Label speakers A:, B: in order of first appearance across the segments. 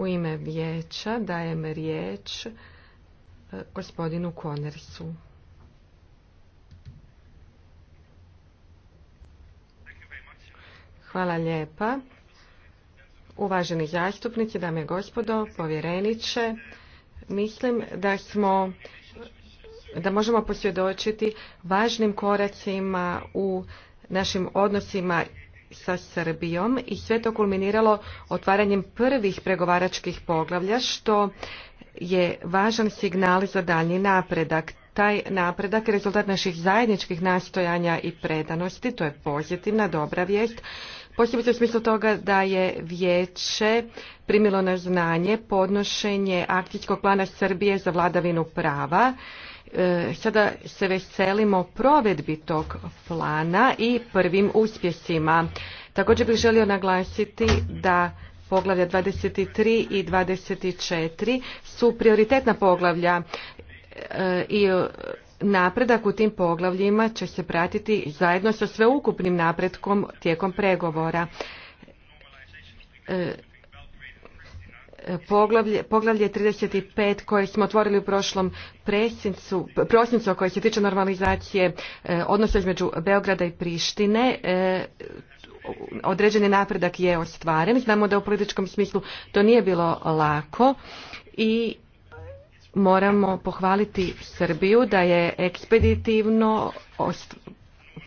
A: U ime vijeća dajem riječ e, gospodinu Konersu. Hvala lijepa. Uvaženi zastupnici, dame i gospodo, povjereniče, mislim da smo da možemo posvjedočiti važnim koracima u našim odnosima sa Srbijom i sve to kulminiralo otvaranjem prvih pregovaračkih poglavlja što je važan signal za daljnji napredak. Taj napredak je rezultat naših zajedničkih nastojanja i predanosti, to je pozitivna, dobra vijest. Posebice u smislu toga da je vijeće primilo na znanje podnošenje akcijskog plana Srbije za vladavinu prava E, sada se veselimo provedbi tog plana i prvim uspjesima. Također bih želio naglasiti da poglavlja 23 i 24 su prioritetna poglavlja e, i napredak u tim poglavljima će se pratiti zajedno sa sveukupnim napretkom tijekom pregovora e, poglavlje, 35 koje smo otvorili u prošlom prosincu koje se tiče normalizacije e, odnosa između Beograda i Prištine e, određeni napredak je ostvaren. Znamo da u političkom smislu to nije bilo lako i moramo pohvaliti Srbiju da je ekspeditivno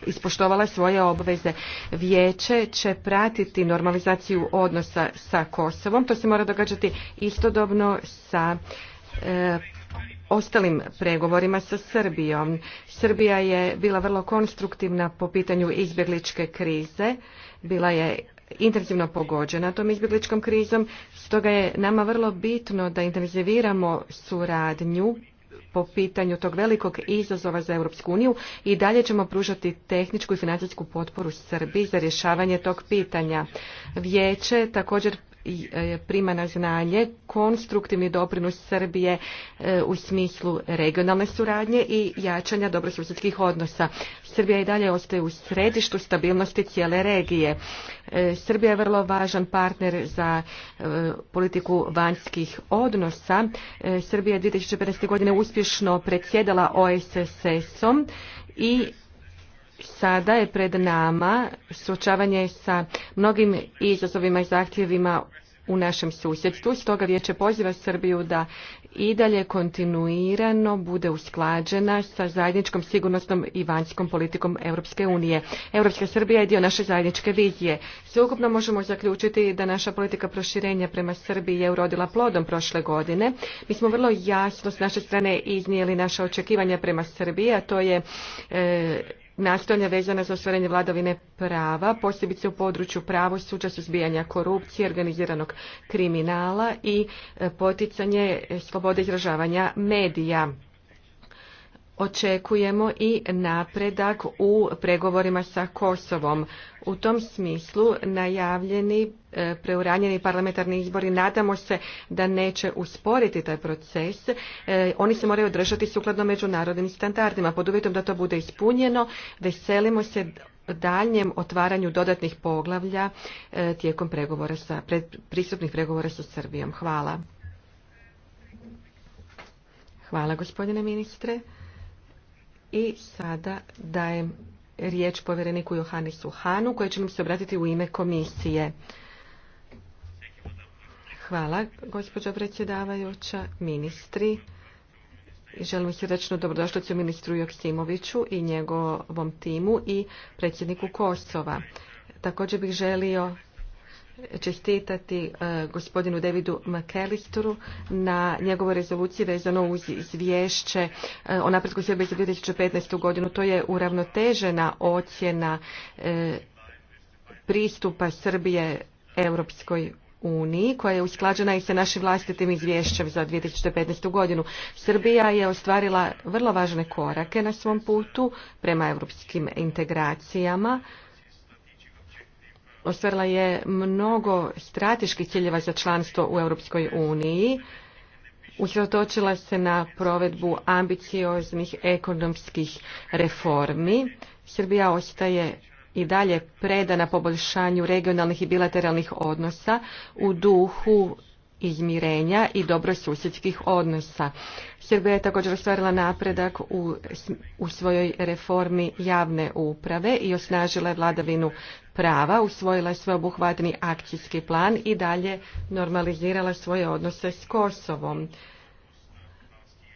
A: ispoštovala svoje obveze. Vijeće će pratiti normalizaciju odnosa sa Kosovom. To se mora događati istodobno sa e, ostalim pregovorima sa Srbijom. Srbija je bila vrlo konstruktivna po pitanju izbjegličke krize. Bila je intenzivno pogođena tom izbjegličkom krizom. Stoga je nama vrlo bitno da intenziviramo suradnju po pitanju tog velikog izazova za Europsku uniju i dalje ćemo pružati tehničku i financijsku potporu Srbiji za rješavanje tog pitanja. Vijeće također E, prima na znanje konstruktivni doprinos Srbije e, u smislu regionalne suradnje i jačanja dobrosusjedskih odnosa. Srbija i dalje ostaje u središtu stabilnosti cijele regije. E, Srbija je vrlo važan partner za politiku vanjskih odnosa. Srbija je 2015. godine uspješno predsjedala OSSS-om i sada je pred nama suočavanje sa mnogim izazovima i zahtjevima u našem susjedstvu. Stoga vijeće poziva Srbiju da i dalje kontinuirano bude usklađena sa zajedničkom sigurnosnom i vanjskom politikom Europske unije. Europska Srbija je dio naše zajedničke vizije. Sveukupno možemo zaključiti da naša politika proširenja prema Srbiji je urodila plodom prošle godine. Mi smo vrlo jasno s naše strane iznijeli naša očekivanja prema Srbiji, a to je e, nastojanja vezana za ostvarenje vladavine prava, posebice u području pravosuđa, suzbijanja korupcije, organiziranog kriminala i e, poticanje e, slobode izražavanja medija očekujemo i napredak u pregovorima sa Kosovom. U tom smislu najavljeni e, preuranjeni parlamentarni izbori nadamo se da neće usporiti taj proces. E, oni se moraju održati sukladno međunarodnim standardima. Pod uvjetom da to bude ispunjeno, veselimo se daljem otvaranju dodatnih poglavlja e, tijekom pregovora sa, pristupnih pregovora sa Srbijom. Hvala. Hvala gospodine ministre. I sada dajem riječ povjereniku Johanisu Hanu koji će nam se obratiti u ime komisije. Hvala, gospođo predsjedavajuća, ministri. Želim srdečno dobrodošlicu ministru Joksimoviću i njegovom timu i predsjedniku Kosova. Također bih želio čestitati e, gospodinu Davidu McAllisteru na njegovoj rezoluciji vezano uz izvješće e, o napretku Srbije za 2015. godinu. To je uravnotežena ocjena e, pristupa Srbije Europskoj uniji koja je usklađena i sa našim vlastitim izvješćem za 2015. godinu. Srbija je ostvarila vrlo važne korake na svom putu prema europskim integracijama ostvarila je mnogo strateških ciljeva za članstvo u Europskoj uniji. Usredotočila se na provedbu ambicioznih ekonomskih reformi. Srbija ostaje i dalje predana poboljšanju regionalnih i bilateralnih odnosa u duhu izmirenja i dobrosusjedskih odnosa. Srbija je također ostvarila napredak u, svojoj reformi javne uprave i osnažila je vladavinu prava, usvojila je sveobuhvatni akcijski plan i dalje normalizirala svoje odnose s Kosovom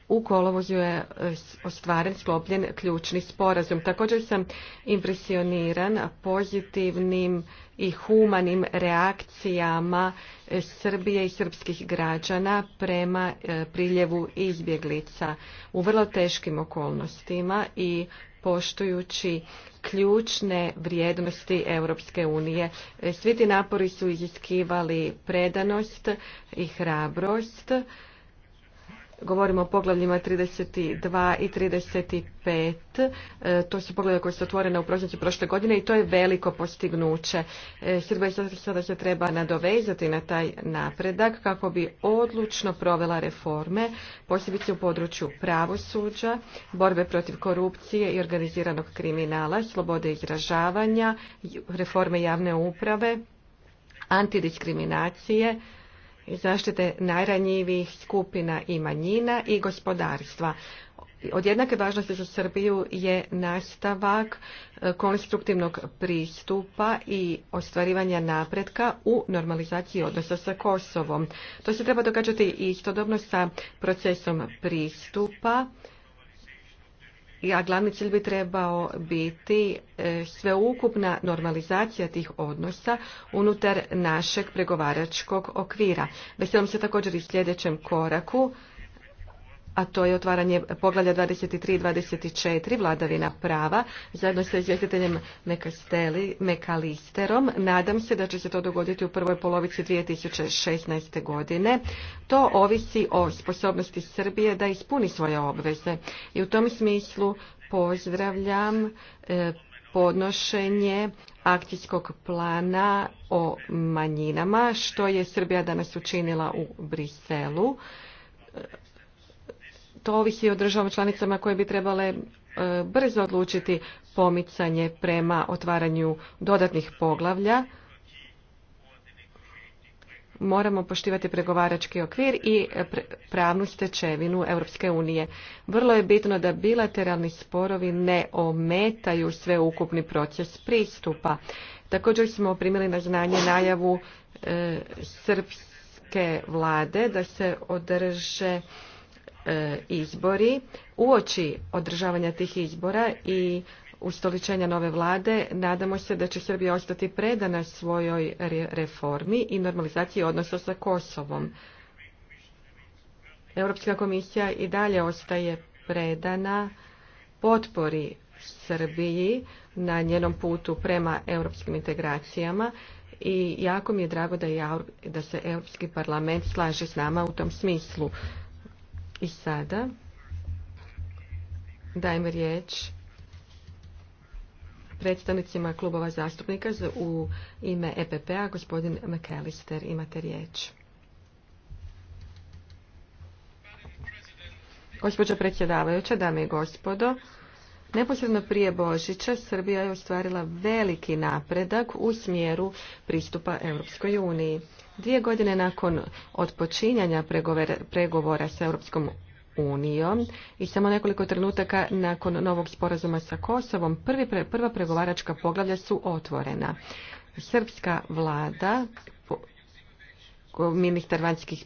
A: u kolovozu je e, ostvaren sklopljen ključni sporazum. Također sam impresioniran pozitivnim i humanim reakcijama e, Srbije i srpskih građana prema e, priljevu izbjeglica u vrlo teškim okolnostima i poštujući ključne vrijednosti Europske unije. Svi ti napori su iziskivali predanost i hrabrost Govorimo o poglavljima 32 i 35. E, to su poglavlja koje su otvorene u prosincu prošle godine i to je veliko postignuće. E, Srbija sada se treba nadovezati na taj napredak kako bi odlučno provela reforme, posebice u području pravosuđa, borbe protiv korupcije i organiziranog kriminala, slobode izražavanja, reforme javne uprave, antidiskriminacije, zaštite najranjivijih skupina i manjina i gospodarstva. Od jednake važnosti za Srbiju je nastavak e, konstruktivnog pristupa i ostvarivanja napretka u normalizaciji odnosa sa Kosovom. To se treba događati istodobno sa procesom pristupa a glavni cilj bi trebao biti e, sveukupna normalizacija tih odnosa unutar našeg pregovaračkog okvira. Veselim se također i sljedećem koraku a to je otvaranje poglavlja 23 i 24 vladavina prava zajedno sa izvjestiteljem Mekalisterom. Nadam se da će se to dogoditi u prvoj polovici 2016. godine. To ovisi o sposobnosti Srbije da ispuni svoje obveze i u tom smislu pozdravljam e, podnošenje akcijskog plana o manjinama što je Srbija danas učinila u Briselu to ovisi o državama članicama koje bi trebale e, brzo odlučiti pomicanje prema otvaranju dodatnih poglavlja. Moramo poštivati pregovarački okvir i e, pravnu stečevinu Europske unije. Vrlo je bitno da bilateralni sporovi ne ometaju sveukupni proces pristupa. Također smo primili na znanje najavu e, srpske vlade da se održe E, izbori. Uoči održavanja tih izbora i ustoličenja nove vlade nadamo se da će Srbija ostati predana svojoj reformi i normalizaciji odnosa sa Kosovom. Europska komisija i dalje ostaje predana potpori Srbiji na njenom putu prema europskim integracijama i jako mi je drago da, da se Europski parlament slaže s nama u tom smislu. I sada dajem riječ predstavnicima klubova zastupnika u ime EPP-a. Gospodin McAllister, imate riječ. Gospođo predsjedavajuća, dame i gospodo, Neposredno prije Božića Srbija je ostvarila veliki napredak u smjeru pristupa Europskoj uniji. Dvije godine nakon odpočinjanja pregovora sa Europskom unijom i samo nekoliko trenutaka nakon novog sporazuma sa Kosovom, prvi, prva pregovaračka poglavlja su otvorena. Srpska vlada, ministar vanjskih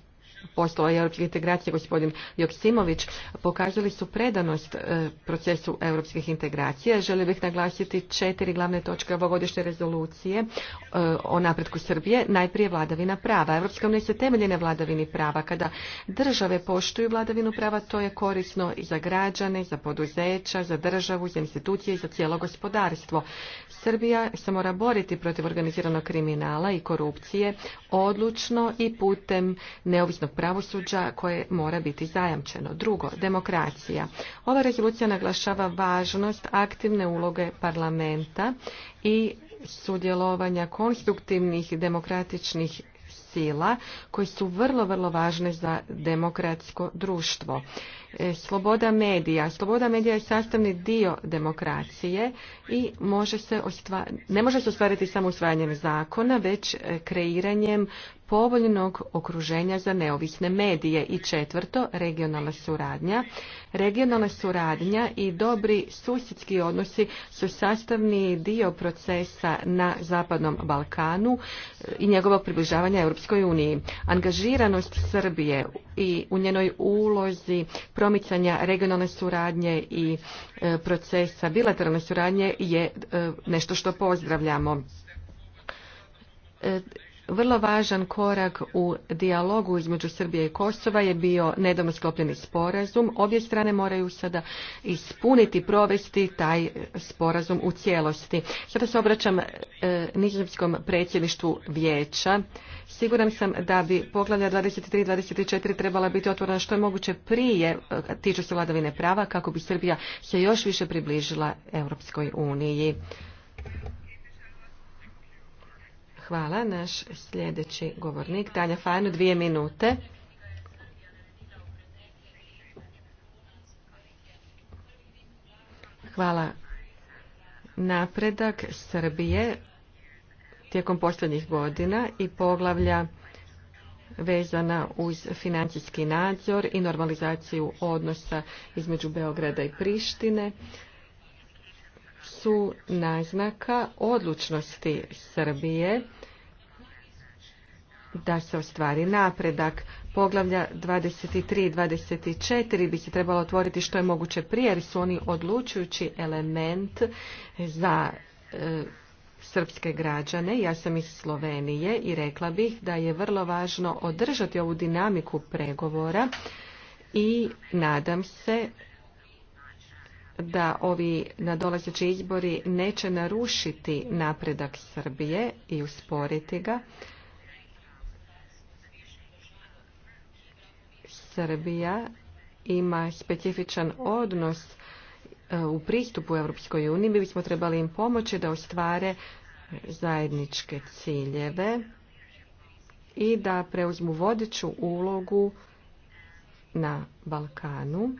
A: poslova i europske integracije, gospodin Joksimović, pokazali su predanost e, procesu europskih integracija. Želio bih naglasiti četiri glavne točke ovogodišnje rezolucije e, o napretku Srbije. Najprije vladavina prava. Europska unija se temelje na vladavini prava. Kada države poštuju vladavinu prava, to je korisno i za građane, za poduzeća, za državu, za institucije i za cijelo gospodarstvo. Srbija se mora boriti protiv organiziranog kriminala i korupcije odlučno i putem neovisnog pravosuđa koje mora biti zajamčeno. Drugo, demokracija. Ova rezolucija naglašava važnost aktivne uloge parlamenta i sudjelovanja konstruktivnih i demokratičnih sila koje su vrlo, vrlo važne za demokratsko društvo. E, sloboda medija. Sloboda medija je sastavni dio demokracije i može se ne može se ostvariti samo usvajanjem zakona, već e, kreiranjem povoljnog okruženja za neovisne medije. I četvrto, regionalna suradnja. Regionalna suradnja i dobri susjedski odnosi su sastavni dio procesa na Zapadnom Balkanu e, i njegovog približavanja Europskoj uniji. Angažiranost Srbije i u njenoj ulozi promicanja regionalne suradnje i e, procesa bilateralne suradnje je e, nešto što pozdravljamo vrlo važan korak u dijalogu između Srbije i Kosova je bio nedavno sklopljeni sporazum. Obje strane moraju sada ispuniti, provesti taj sporazum u cijelosti. Sada se obraćam e, nizozemskom predsjedništvu vijeća. Siguran sam da bi poglavlja 23 i 24 trebala biti otvorena što je moguće prije, e, tiče se vladavine prava, kako bi Srbija se još više približila Europskoj uniji. Hvala. Naš sljedeći govornik, Tanja Fajnu, dvije minute. Hvala. Napredak Srbije tijekom posljednjih godina i poglavlja vezana uz financijski nadzor i normalizaciju odnosa između Beograda i Prištine su naznaka odlučnosti Srbije da se ostvari napredak. Poglavlja 23 i 24 bi se trebalo otvoriti što je moguće prije, jer su oni odlučujući element za e, srpske građane. Ja sam iz Slovenije i rekla bih da je vrlo važno održati ovu dinamiku pregovora i nadam se da ovi nadolazeći izbori neće narušiti napredak Srbije i usporiti ga. Srbija ima specifičan odnos e, u pristupu Europskoj uniji, mi bismo trebali im pomoći da ostvare zajedničke ciljeve i da preuzmu vodeću ulogu na Balkanu.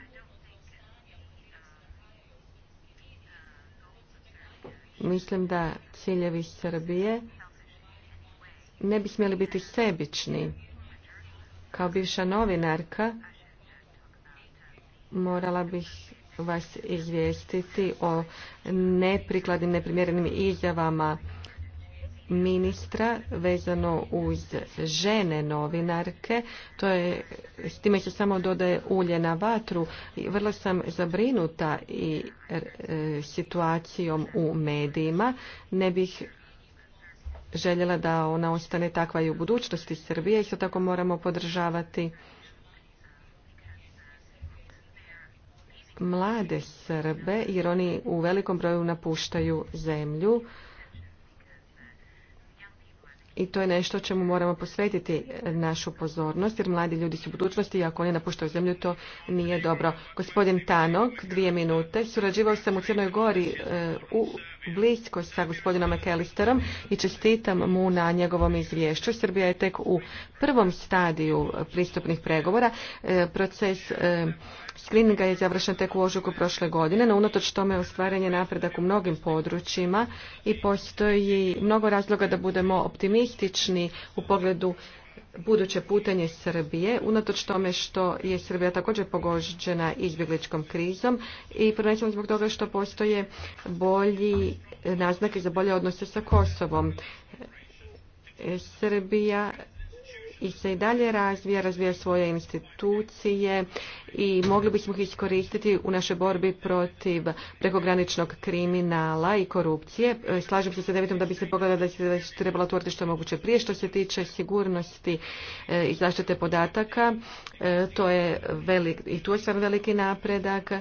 A: Mislim da ciljevi Srbije ne bi smjeli biti sebični. Kao bivša novinarka morala bih vas izvijestiti o neprikladnim, neprimjerenim izjavama ministra vezano uz žene novinarke. To je, s time se samo dodaje ulje na vatru. Vrlo sam zabrinuta i e, situacijom u medijima. Ne bih željela da ona ostane takva i u budućnosti Srbije. Isto tako moramo podržavati mlade Srbe jer oni u velikom broju napuštaju zemlju i to je nešto čemu moramo posvetiti našu pozornost jer mladi ljudi su u budućnosti i ako oni napuštaju zemlju to nije dobro. Gospodin Tanok, dvije minute, surađivao sam u Crnoj Gori e, u blisko sa gospodinom McAllisterom i čestitam mu na njegovom izvješću. Srbija je tek u prvom stadiju pristupnih pregovora. E, proces e, screeninga je završen tek u ožujku prošle godine, no unatoč tome ostvaren je napredak u mnogim područjima i postoji mnogo razloga da budemo optimistični u pogledu buduće putanje Srbije, unatoč tome što je Srbija također pogođena izbjegličkom krizom i prvenstveno zbog toga što postoje bolji naznake za bolje odnose sa Kosovom. E, Srbija i se i dalje razvija, razvija svoje institucije i mogli bismo ih iskoristiti u našoj borbi protiv prekograničnog kriminala i korupcije. E, slažem se sa devetom da bi se pogledala da se trebalo otvoriti što je moguće prije. Što se tiče sigurnosti e, i zaštite podataka, e, to je velik, i tu je sam veliki napredak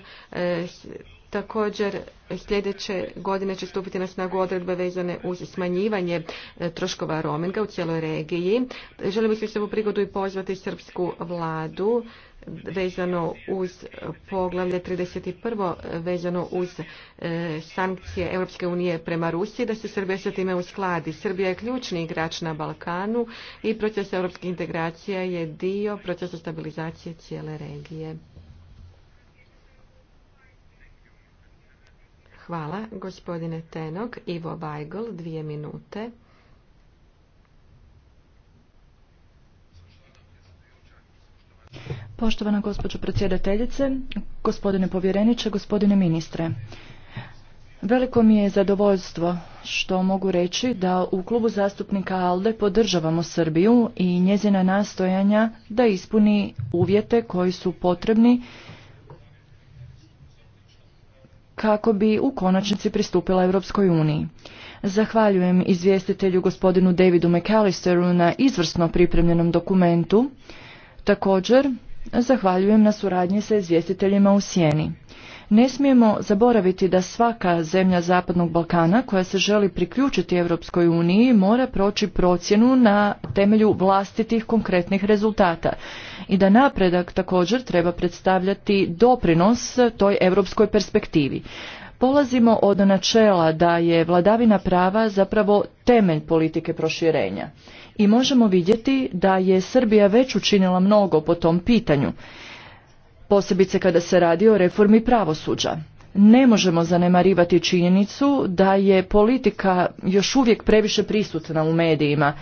A: Također, sljedeće godine će stupiti na snagu odredbe vezane uz smanjivanje e, troškova roaminga u cijeloj regiji. Želimo se u prigodu i pozvati srpsku vladu vezano uz poglavlje 31. vezano uz e, sankcije Europske unije prema Rusiji, da se Srbija sa time uskladi. Srbija je ključni igrač na Balkanu i proces europske integracija je dio procesa stabilizacije cijele regije. Hvala, gospodine Tenog. Ivo Bajgol, dvije minute.
B: Poštovana gospođo predsjedateljice, gospodine povjereniče, gospodine ministre. Veliko mi je zadovoljstvo što mogu reći da u klubu zastupnika ALDE podržavamo Srbiju i njezina nastojanja da ispuni uvjete koji su potrebni kako bi u konačnici pristupila Europskoj uniji. Zahvaljujem izvjestitelju gospodinu Davidu McAllisteru na izvrsno pripremljenom dokumentu. Također, zahvaljujem na suradnji sa izvjestiteljima u Sjeni. Ne smijemo zaboraviti da svaka zemlja Zapadnog Balkana koja se želi priključiti Europskoj uniji mora proći procjenu na temelju vlastitih konkretnih rezultata i da napredak također treba predstavljati doprinos toj europskoj perspektivi. Polazimo od načela da je vladavina prava zapravo temelj politike proširenja i možemo vidjeti da je Srbija već učinila mnogo po tom pitanju posebice kada se radi o reformi pravosuđa. Ne možemo zanemarivati činjenicu da je politika još uvijek previše prisutna u medijima.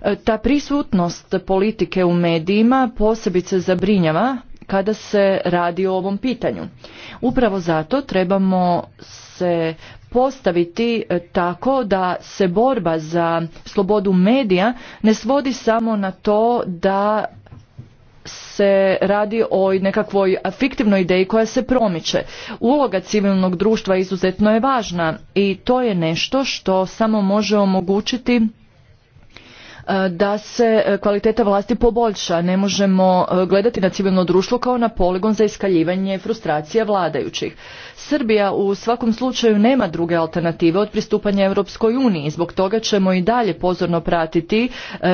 B: E, ta prisutnost politike u medijima posebice zabrinjava kada se radi o ovom pitanju. Upravo zato trebamo se postaviti e, tako da se borba za slobodu medija ne svodi samo na to da se radi o nekakvoj fiktivnoj ideji koja se promiče. Uloga civilnog društva izuzetno je važna i to je nešto što samo može omogućiti E, da se e, kvaliteta vlasti poboljša. Ne možemo e, gledati na civilno društvo kao na poligon za iskaljivanje frustracija vladajućih. Srbija u svakom slučaju nema druge alternative od pristupanja Europskoj uniji. Zbog toga ćemo i dalje pozorno pratiti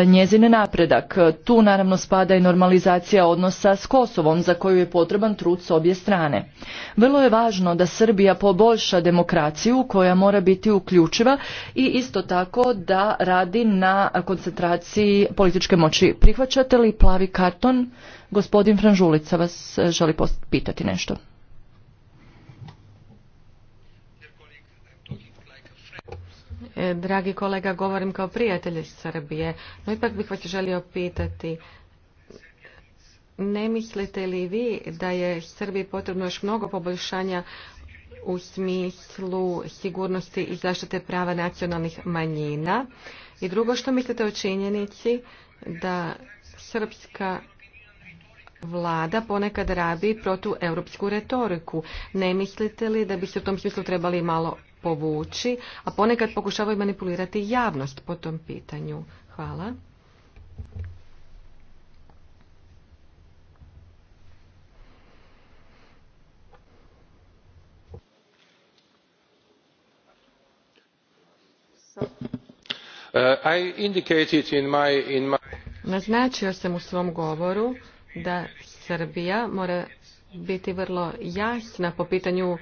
B: njezine napredak. Tu naravno spada i normalizacija odnosa s Kosovom za koju je potreban trud s obje strane. Vrlo je važno da Srbija poboljša demokraciju koja mora biti uključiva i isto tako da radi na koncentraciju demokraciji političke moći. Prihvaćate li plavi karton? Gospodin Franžulica vas e, želi pitati nešto.
A: E, dragi kolega, govorim kao prijatelj iz Srbije, no ipak bih vas želio pitati, ne mislite li vi da je Srbiji potrebno još mnogo poboljšanja u smislu sigurnosti i zaštite prava nacionalnih manjina? I drugo, što mislite o činjenici da srpska vlada ponekad rabi protueuropsku retoriku? Ne mislite li da bi se u tom smislu trebali malo povući, a ponekad pokušavaju manipulirati javnost po tom pitanju? Hvala. Uh, Naznačio sam u svom govoru da Srbija mora biti vrlo jasna po pitanju uh,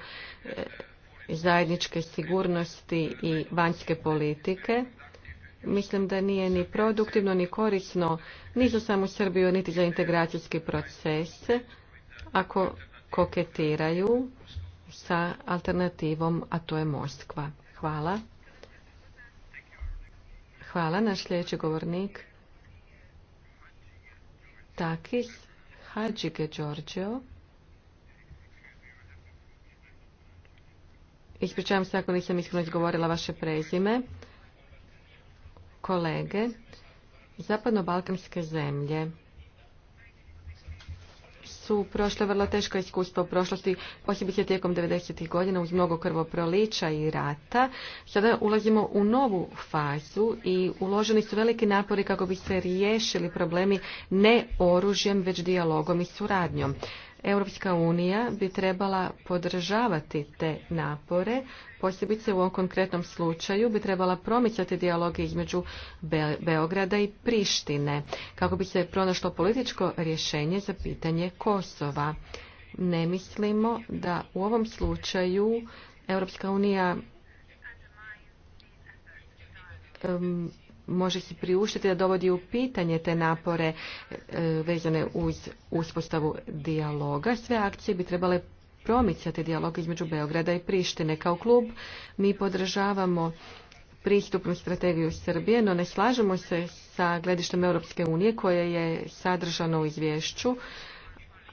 A: zajedničke sigurnosti i vanjske politike. Mislim da nije ni produktivno ni korisno ni za samu Srbiju niti za integracijski proces ako koketiraju sa alternativom, a to je Moskva. Hvala. Hvala. Naš sljedeći govornik Takis Hadžige Đorđeo. Ispričavam se ako nisam iskreno izgovorila vaše prezime. Kolege, zapadno-balkanske zemlje su prošle vrlo teško iskustvo u prošlosti, posebice tijekom 90. godina uz mnogo krvoprolića i rata. Sada ulazimo u novu fazu i uloženi su veliki napori kako bi se riješili problemi ne oružjem, već dijalogom i suradnjom. Europska unija bi trebala podržavati te napore, posebice u ovom konkretnom slučaju bi trebala promicati dijaloge između Beograda i Prištine, kako bi se pronašlo političko rješenje za pitanje Kosova. Ne mislimo da u ovom slučaju Europska unija može si priuštiti da dovodi u pitanje te napore e, vezane uz uspostavu dijaloga. Sve akcije bi trebale promicati dijalog između Beograda i Prištine. Kao klub mi podržavamo pristupnu strategiju Srbije, no ne slažemo se sa gledištem Europske unije koje je sadržano u izvješću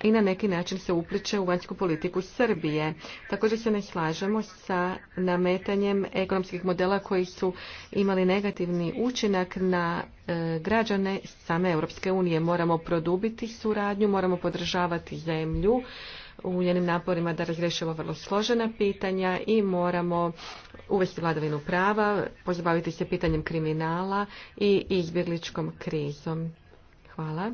A: i na neki način se upliče u vanjsku politiku Srbije. Također se ne slažemo sa nametanjem ekonomskih modela koji su imali negativni učinak na e, građane same Europske unije. Moramo produbiti suradnju, moramo podržavati zemlju u njenim naporima da razriješimo vrlo složena pitanja i moramo uvesti vladavinu prava, pozabaviti se pitanjem kriminala i izbjegličkom krizom. Hvala.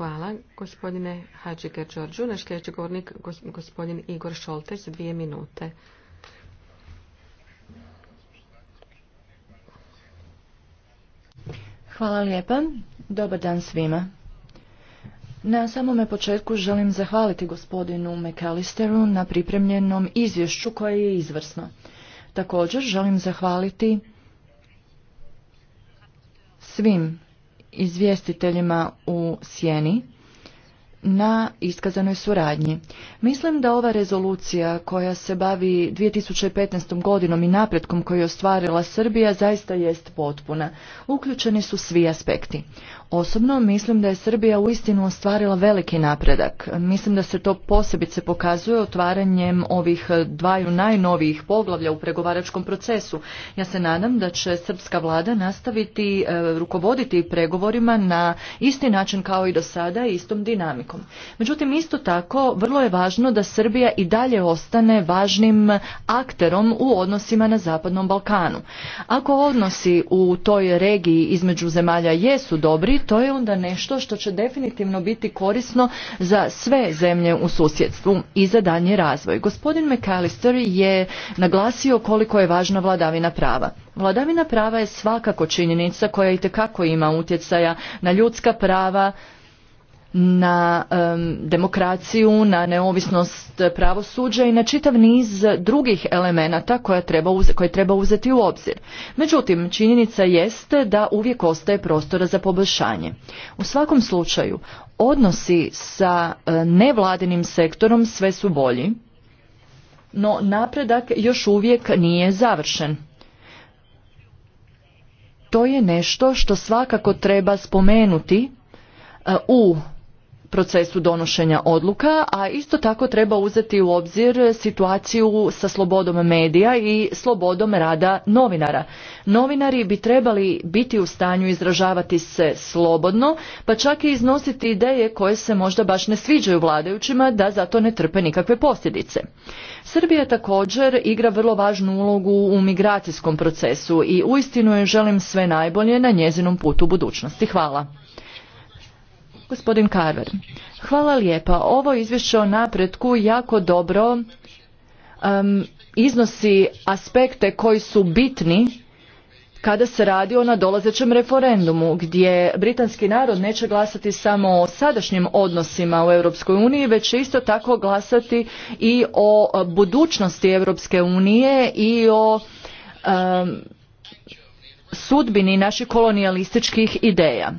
A: Hvala, gospodine Hadžike Đorđu. Naš sljedeći govornik, gospodin Igor Šoltes, dvije minute.
B: Hvala lijepa. Dobar dan svima. Na samome početku želim zahvaliti gospodinu McAllisteru na pripremljenom izvješću koje je izvrsno. Također želim zahvaliti svim izvjestiteljima u Sjeni na iskazanoj suradnji. Mislim da ova rezolucija koja se bavi 2015. godinom i napretkom koju je ostvarila Srbija zaista jest potpuna. Uključeni su svi aspekti. Osobno mislim da je Srbija uistinu ostvarila veliki napredak. Mislim da se to posebice pokazuje otvaranjem ovih dvaju najnovijih poglavlja u pregovaračkom procesu. Ja se nadam da će srpska vlada nastaviti e, rukovoditi pregovorima na isti način kao i do sada istom dinamikom. Međutim, isto tako vrlo je važno da Srbija i dalje ostane važnim akterom u odnosima na Zapadnom Balkanu. Ako odnosi u toj regiji između zemalja jesu dobri, to je onda nešto što će definitivno biti korisno za sve zemlje u susjedstvu i za daljnji razvoj. Gospodin McAllister je naglasio koliko je važna vladavina prava. Vladavina prava je svakako činjenica koja i tekako ima utjecaja na ljudska prava, na demokraciju, na neovisnost pravosuđa i na čitav niz drugih elemenata koje treba, koje treba uzeti u obzir. Međutim, činjenica jeste da uvijek ostaje prostora za poboljšanje. U svakom slučaju, odnosi sa e, nevladinim sektorom sve su bolji, no napredak još uvijek nije završen. To je nešto što svakako treba spomenuti e, u procesu donošenja odluka, a isto tako treba uzeti u obzir situaciju sa slobodom medija i slobodom rada novinara. Novinari bi trebali biti u stanju izražavati se slobodno, pa čak i iznositi ideje koje se možda baš ne sviđaju vladajućima da zato ne trpe nikakve posljedice. Srbija također igra vrlo važnu ulogu u migracijskom procesu i uistinu joj želim sve najbolje na njezinom putu budućnosti. Hvala. Gospodin Carver, hvala lijepa. Ovo izvješće o napretku jako dobro um, iznosi aspekte koji su bitni kada se radi o nadolazećem referendumu gdje britanski narod neće glasati samo o sadašnjim odnosima u Europskoj uniji već će isto tako glasati i o budućnosti Europske unije i o um, sudbini naših kolonijalističkih ideja.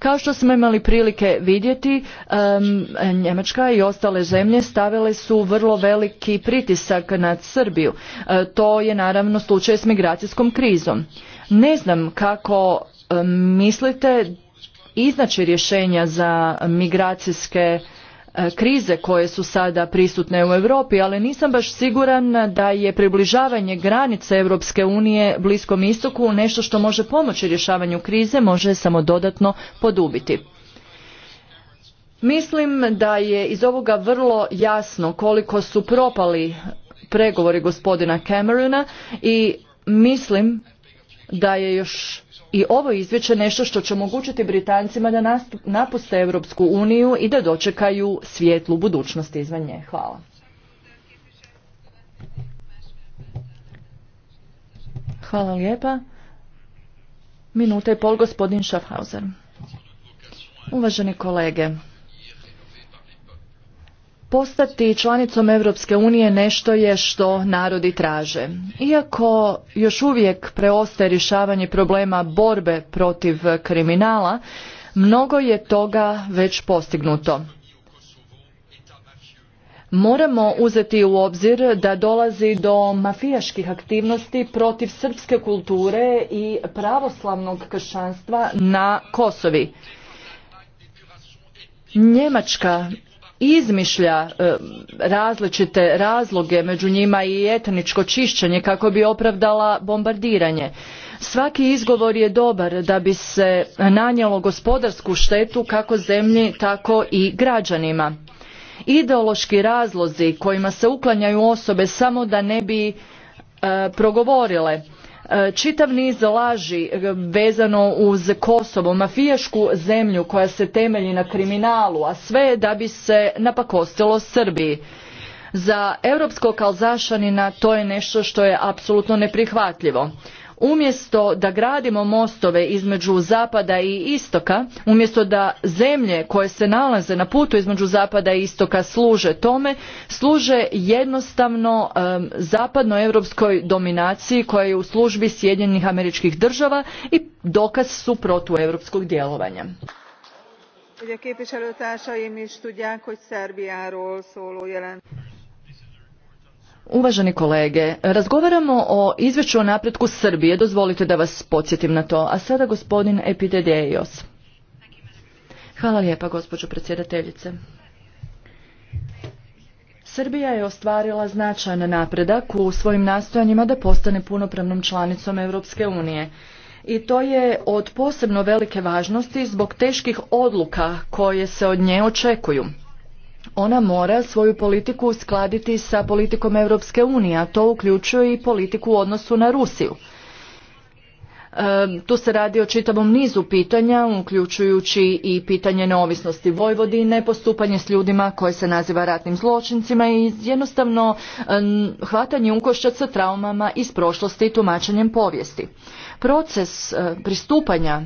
B: Kao što smo imali prilike vidjeti, Njemačka i ostale zemlje stavile su vrlo veliki pritisak na Srbiju. E, to je naravno slučaj s migracijskom krizom. Ne znam kako mislite iznaći rješenja za migracijske E, krize koje su sada prisutne u Europi, ali nisam baš siguran da je približavanje granice Europske unije bliskom istoku nešto što može pomoći rješavanju krize, može samo dodatno podubiti. Mislim da je iz ovoga vrlo jasno koliko su propali pregovori gospodina Camerona i mislim da je još i ovo izvješće nešto što će omogućiti Britancima da napuste Europsku uniju i da dočekaju svijetlu budućnosti izvan nje. Hvala. Hvala lijepa. Minuta i pol gospodin Schaffhauser. Uvaženi kolege, Postati članicom Europske unije nešto je što narodi traže. Iako još uvijek preostaje rješavanje problema borbe protiv kriminala, mnogo je toga već postignuto. Moramo uzeti u obzir da dolazi do mafijaških aktivnosti protiv srpske kulture i pravoslavnog kršćanstva na Kosovi. Njemačka izmišlja e, različite razloge, među njima i etničko čišćenje kako bi opravdala bombardiranje. Svaki izgovor je dobar da bi se nanjelo gospodarsku štetu kako zemlji, tako i građanima. Ideološki razlozi kojima se uklanjaju osobe samo da ne bi e, progovorile E, čitav niz laži e, vezano uz Kosovo, mafijašku zemlju koja se temelji na kriminalu, a sve da bi se napakostilo Srbiji. Za europskog kalzašanina to je nešto što je apsolutno neprihvatljivo. Umjesto da gradimo mostove između zapada i istoka, umjesto da zemlje koje se nalaze na putu između zapada i istoka služe tome, služe jednostavno um, zapadnoeuropskoj dominaciji koja je u službi Sjedinjenih američkih država i dokaz su protueuropskog djelovanja. Uvaženi kolege, razgovaramo o izvješću o napretku Srbije, dozvolite da vas podsjetim na to. A sada gospodin Epidedeios. Hvala lijepa gospođo predsjedateljice. Srbija je ostvarila značajan napredak u svojim nastojanjima da postane punopravnom članicom Europske unije. I to je od posebno velike važnosti zbog teških odluka koje se od nje očekuju ona mora svoju politiku uskladiti sa politikom Europske unije, a to uključuje i politiku u odnosu na Rusiju. E, tu se radi o čitavom nizu pitanja, uključujući i pitanje neovisnosti Vojvodine, postupanje s ljudima koje se naziva ratnim zločincima i jednostavno e, hvatanje ukošća sa traumama iz prošlosti i tumačenjem povijesti. Proces e, pristupanja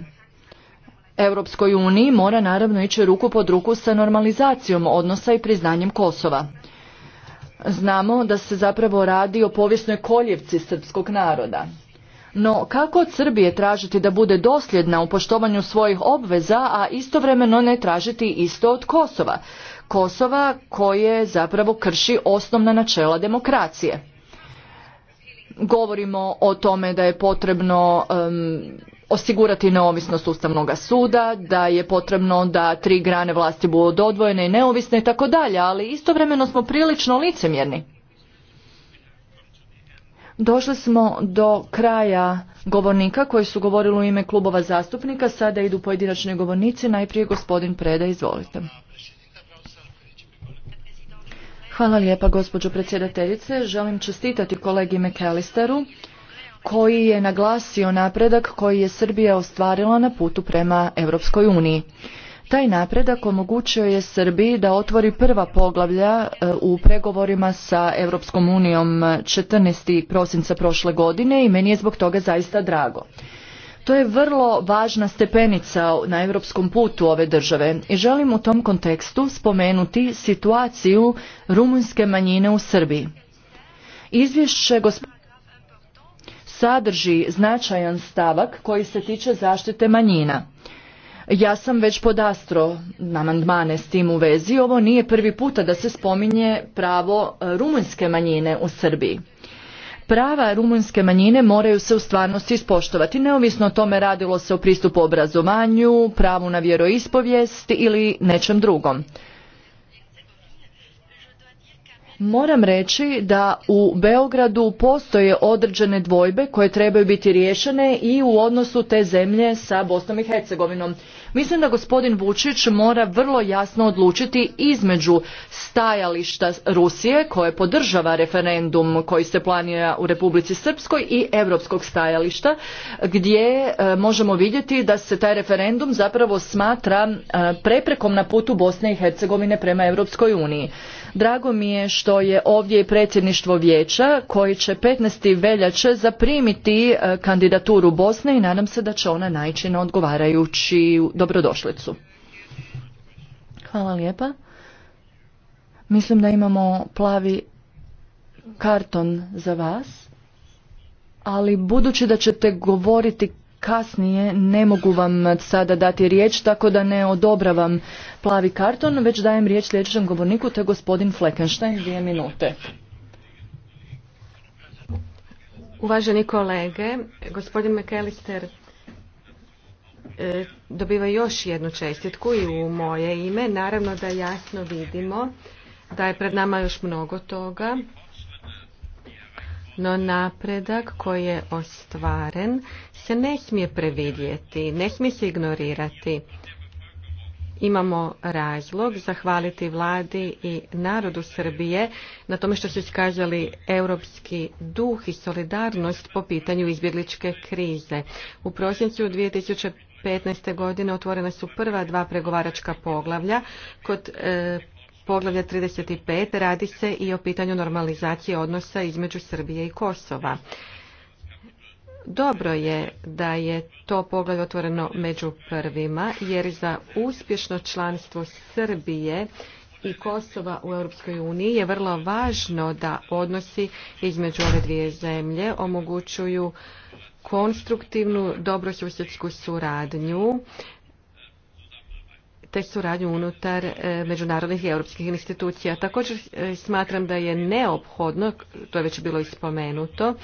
B: Europskoj uniji mora naravno ići ruku pod ruku sa normalizacijom odnosa i priznanjem Kosova. Znamo da se zapravo radi o povijesnoj koljevci srpskog naroda. No kako od Srbije tražiti da bude dosljedna u poštovanju svojih obveza, a istovremeno ne tražiti isto od Kosova? Kosova koje zapravo krši osnovna načela demokracije govorimo o tome da je potrebno osigurati neovisnost Ustavnog suda, da je potrebno da tri grane vlasti budu odvojene i neovisne i tako dalje, ali istovremeno smo prilično licemjerni. Došli smo do kraja govornika koji su govorili u ime klubova zastupnika. Sada idu pojedinačni govornici. Najprije gospodin Preda, izvolite. Hvala lijepa gospođo predsjedateljice. Želim čestitati kolegi McAllisteru koji je naglasio napredak koji je Srbija ostvarila na putu prema Europskoj uniji. Taj napredak omogućio je Srbiji da otvori prva poglavlja e, u pregovorima sa Europskom unijom 14. E, prosinca prošle godine i meni je zbog toga zaista drago. To je vrlo važna stepenica na europskom putu ove države i želim u tom kontekstu spomenuti situaciju rumunjske manjine u Srbiji. Izvješće gospodine sadrži značajan stavak koji se tiče zaštite manjina. Ja sam već podastro amandmane s tim u vezi. Ovo nije prvi puta da se spominje pravo e, rumunjske manjine u Srbiji. Prava rumunjske manjine moraju se u stvarnosti ispoštovati, neovisno o tome radilo se o pristupu obrazovanju, pravu na vjeroispovijest ili nečem drugom. Moram reći da u Beogradu postoje određene dvojbe koje trebaju biti riješene i u odnosu te zemlje sa Bosnom i Hercegovinom. Mislim da gospodin Vučić mora vrlo jasno odlučiti između stajališta Rusije koje podržava referendum koji se planira u Republici Srpskoj i europskog stajališta gdje e, možemo vidjeti da se taj referendum zapravo smatra e, preprekom na putu Bosne i Hercegovine prema Europskoj uniji. Drago mi je što je ovdje i predsjedništvo vijeća koji će 15. veljače zaprimiti e, kandidaturu Bosne i nadam se da će ona naići na odgovarajući dobrodošlicu. Hvala lijepa. Mislim da imamo plavi karton za vas, ali budući da ćete govoriti kasnije ne mogu vam sada dati riječ, tako da ne odobravam plavi karton, već dajem riječ sljedećem govorniku, to je gospodin Fleckenstein, dvije minute.
A: Uvaženi kolege, gospodin McAllister e, dobiva još jednu čestitku i u moje ime. Naravno da jasno vidimo da je pred nama još mnogo toga, no napredak koji je ostvaren se ne smije previdjeti, ne smije se ignorirati. Imamo razlog zahvaliti vladi i narodu Srbije na tome što su iskazali europski duh i solidarnost po pitanju izbjegličke krize. U prosincu 2015. godine otvorena su prva dva pregovaračka poglavlja kod e, poglavlja 35 radi se i o pitanju normalizacije odnosa između Srbije i Kosova. Dobro je da je to pogled otvoreno među prvima, jer za uspješno članstvo Srbije i Kosova u Europskoj uniji je vrlo važno da odnosi između ove dvije zemlje omogućuju konstruktivnu dobrosusjedsku suradnju te suradnju unutar e, međunarodnih i europskih institucija. Također e, smatram da je neophodno, to je već bilo ispomenuto,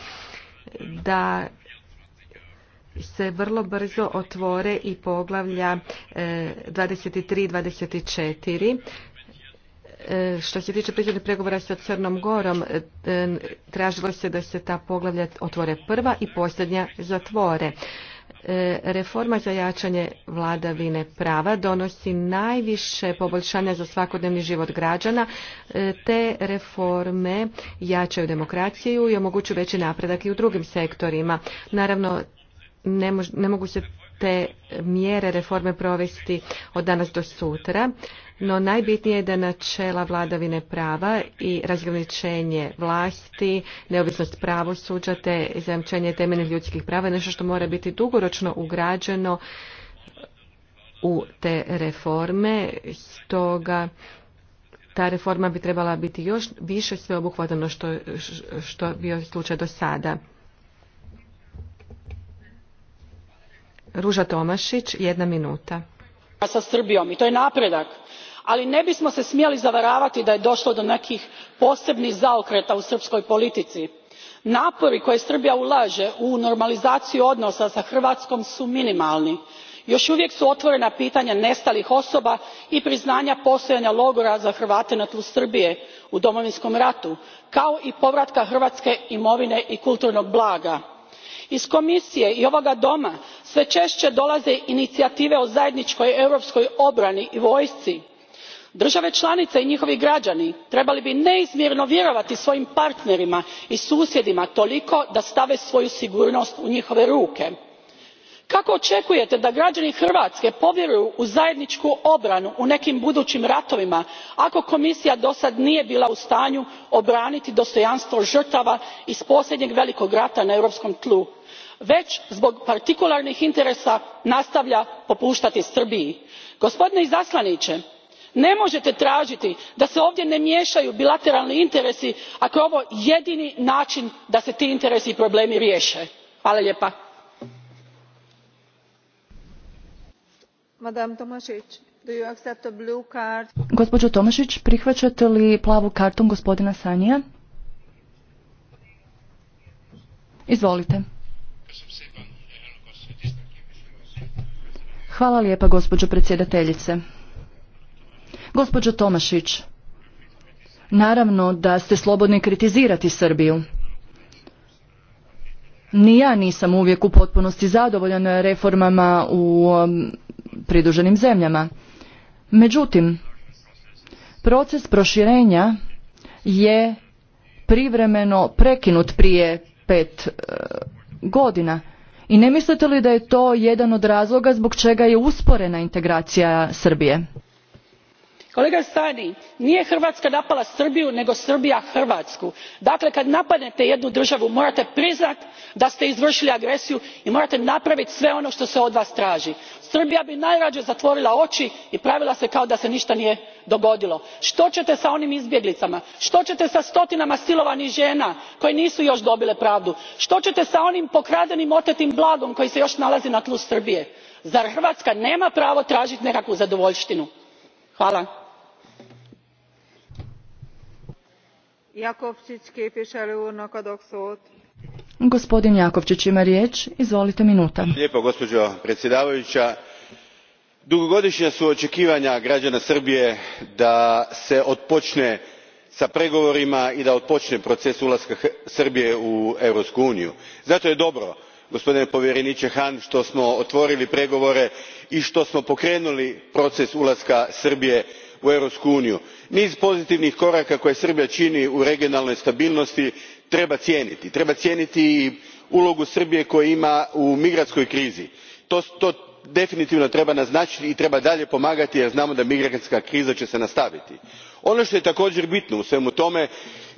A: da se vrlo brzo otvore i poglavlja 23 e, 24 e, što se tiče prihodnih pregovora sa Crnom Gorom, e, tražilo se da se ta poglavlja otvore prva i posljednja zatvore. Reforma za jačanje vladavine prava donosi najviše poboljšanja za svakodnevni život građana. Te reforme jačaju demokraciju i omogućuju veći napredak i u drugim sektorima. Naravno, ne, mogu se te mjere reforme provesti od danas do sutra, no najbitnije je da načela vladavine prava i razgraničenje vlasti, neovisnost pravosuđa te zajamčenje temeljnih ljudskih prava je nešto što mora biti dugoročno ugrađeno u te reforme, stoga ta reforma bi trebala biti još više sveobuhvatna što, što bio slučaj do sada. Ruža Tomašić, jedna minuta.
C: ...sa Srbijom i to je napredak. Ali ne bismo se smjeli zavaravati da je došlo do nekih posebnih zaokreta u srpskoj politici. Napori koje Srbija ulaže u normalizaciju odnosa sa Hrvatskom su minimalni. Još uvijek su otvorena pitanja nestalih osoba i priznanja postojanja logora za Hrvate na tlu Srbije u Domovinskom ratu, kao i povratka hrvatske imovine i kulturnog blaga iz komisije i ovoga doma sve češće dolaze inicijative o zajedničkoj europskoj obrani i vojsci. države članice i njihovi građani trebali bi neizmjerno vjerovati svojim partnerima i susjedima toliko da stave svoju sigurnost u njihove ruke. kako očekujete da građani hrvatske povjeruju u zajedničku obranu u nekim budućim ratovima ako komisija dosad nije bila u stanju obraniti dostojanstvo žrtava iz posljednjeg velikog rata na europskom tlu? već zbog partikularnih interesa nastavlja popuštati srbiji. gospodine izaslaniče ne možete tražiti da se ovdje ne miješaju bilateralni interesi ako je ovo jedini način da se ti interesi i problemi riješe.
B: gospođo tomašić prihvaćate li plavu kartu gospodina izvolite. Hvala lijepa, gospođo predsjedateljice. Gospođo Tomašić, naravno da ste slobodni kritizirati Srbiju. Ni ja nisam uvijek u potpunosti zadovoljan reformama u um, priduženim zemljama. Međutim, proces proširenja je privremeno prekinut prije pet godina. I ne mislite li da je to jedan od razloga zbog čega je usporena integracija Srbije?
C: kolega stani nije hrvatska napala srbiju nego srbija hrvatsku. dakle kad napadnete jednu državu morate priznati da ste izvršili agresiju i morate napraviti sve ono što se od vas traži. srbija bi najrađe zatvorila oči i pravila se kao da se ništa nije dogodilo. što ćete s onim izbjeglicama? što ćete sa stotinama silovanih žena koje nisu još dobile pravdu? što ćete s onim pokradenim otetim blagom koji se još nalazi na tlu srbije? zar hrvatska nema pravo tražiti nekakvu zadovoljštinu? hvala.
D: Jakovčić
B: Gospodin
E: gospođo predsjedavajuća. Dugogodišnja su očekivanja građana Srbije da se otpočne sa pregovorima i da otpočne proces ulaska Srbije u Europsku uniju. Zato je dobro gospodine povjereniče hahn što smo otvorili pregovore i što smo pokrenuli proces ulaska srbije u europsku uniju. niz pozitivnih koraka koje srbija čini u regionalnoj stabilnosti treba cijeniti. treba cijeniti i ulogu srbije koju ima u migrantskoj krizi. to definitivno treba naznačiti i treba dalje pomagati jer znamo da kriza će se nastaviti. ono što je također bitno u svemu tome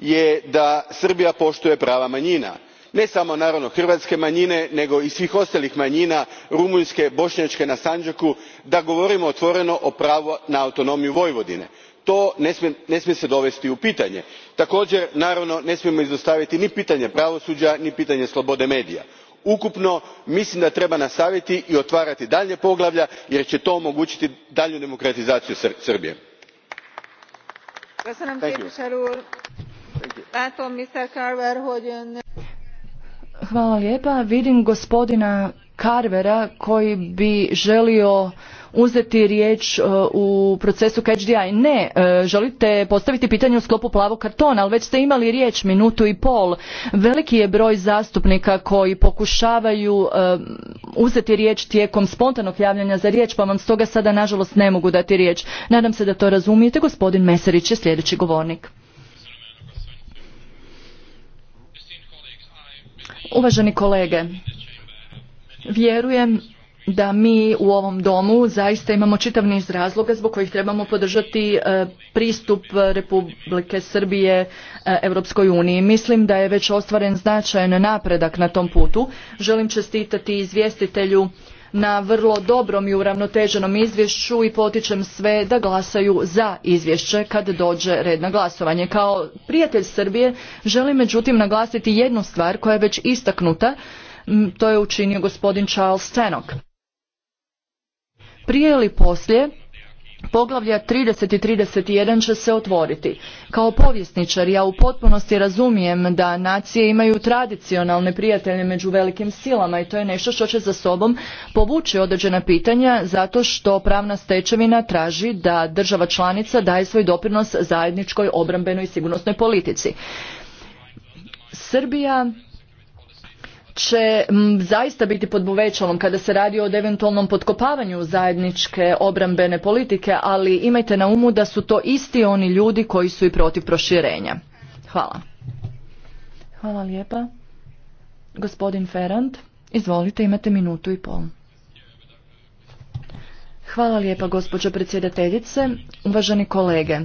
E: je da srbija poštuje prava manjina ne samo naravno hrvatske manjine nego i svih ostalih manjina rumunjske bošnjačke na sandžaku da govorimo otvoreno o pravu na autonomiju vojvodine. to ne smije se dovesti u pitanje. također naravno ne smijemo izostaviti ni pitanje pravosuđa ni pitanje slobode medija. ukupno mislim da treba nastaviti i otvarati daljnja poglavlja jer će to omogućiti daljnju demokratizaciju srbije.
B: Hvala lijepa. Vidim gospodina Carvera koji bi želio uzeti riječ e, u procesu KHDi. Ne, e, želite postaviti pitanje u sklopu plavog kartona, ali već ste imali riječ minutu i pol. Veliki je broj zastupnika koji pokušavaju e, uzeti riječ tijekom spontanog javljanja za riječ, pa vam stoga sada nažalost ne mogu dati riječ. Nadam se da to razumijete. Gospodin Meserić je sljedeći govornik. Uvaženi kolege, vjerujem da mi u ovom domu zaista imamo čitav niz razloga zbog kojih trebamo podržati e, pristup Republike Srbije Europskoj uniji. Mislim da je već ostvaren značajan napredak na tom putu. Želim čestitati izvjestitelju na vrlo dobrom i uravnoteženom izvješću i potičem sve da glasaju za izvješće kad dođe red na glasovanje. Kao prijatelj Srbije želim međutim naglasiti jednu stvar koja je već istaknuta, to je učinio gospodin Charles Stanock. Prije ili poslije Poglavlja 30 i 31 će se otvoriti. Kao povjesničar ja u potpunosti razumijem da nacije imaju tradicionalne prijatelje među velikim silama i to je nešto što će za sobom povući određena pitanja zato što pravna stečevina traži da država članica daje svoj doprinos zajedničkoj obrambenoj i sigurnosnoj politici. Srbija će zaista biti pod buvećalom kada se radi o eventualnom potkopavanju zajedničke obrambene politike, ali imajte na umu da su to isti oni ljudi koji su i protiv proširenja. Hvala. Hvala lijepa. Gospodin Ferrand, izvolite, imate minutu i pol. Hvala lijepa, gospođo predsjedateljice, uvaženi kolege.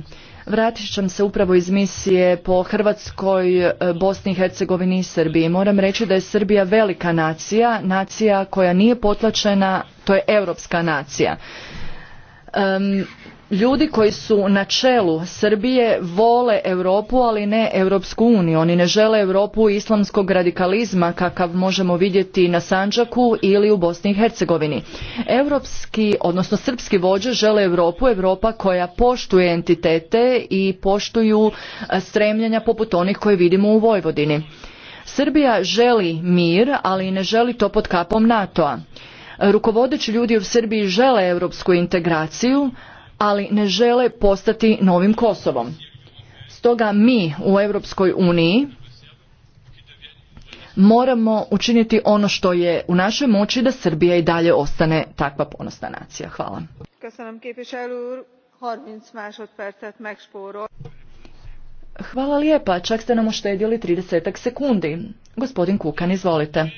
B: Vratit ćem se upravo iz misije po Hrvatskoj, e, Bosni i Hercegovini i Srbiji. Moram reći da je Srbija velika nacija, nacija koja nije potlačena, to je europska nacija. Ljudi koji su na čelu Srbije vole Europu, ali ne Europsku uniju. Oni ne žele Europu islamskog radikalizma kakav možemo vidjeti na Sandžaku ili u Bosni i Hercegovini. Europski, odnosno srpski vođe žele Europu, Europa koja poštuje entitete i poštuju stremljenja poput onih koje vidimo u Vojvodini. Srbija želi mir, ali ne želi to pod kapom NATO-a. Rukovodeći ljudi u Srbiji žele europsku integraciju, ali ne žele postati novim Kosovom. Stoga mi u Europskoj uniji moramo učiniti ono što je u našoj moći da Srbija i dalje ostane takva ponosna nacija. Hvala. Hvala lijepa, čak ste nam uštedjeli 30 sekundi. Gospodin Kukan, izvolite.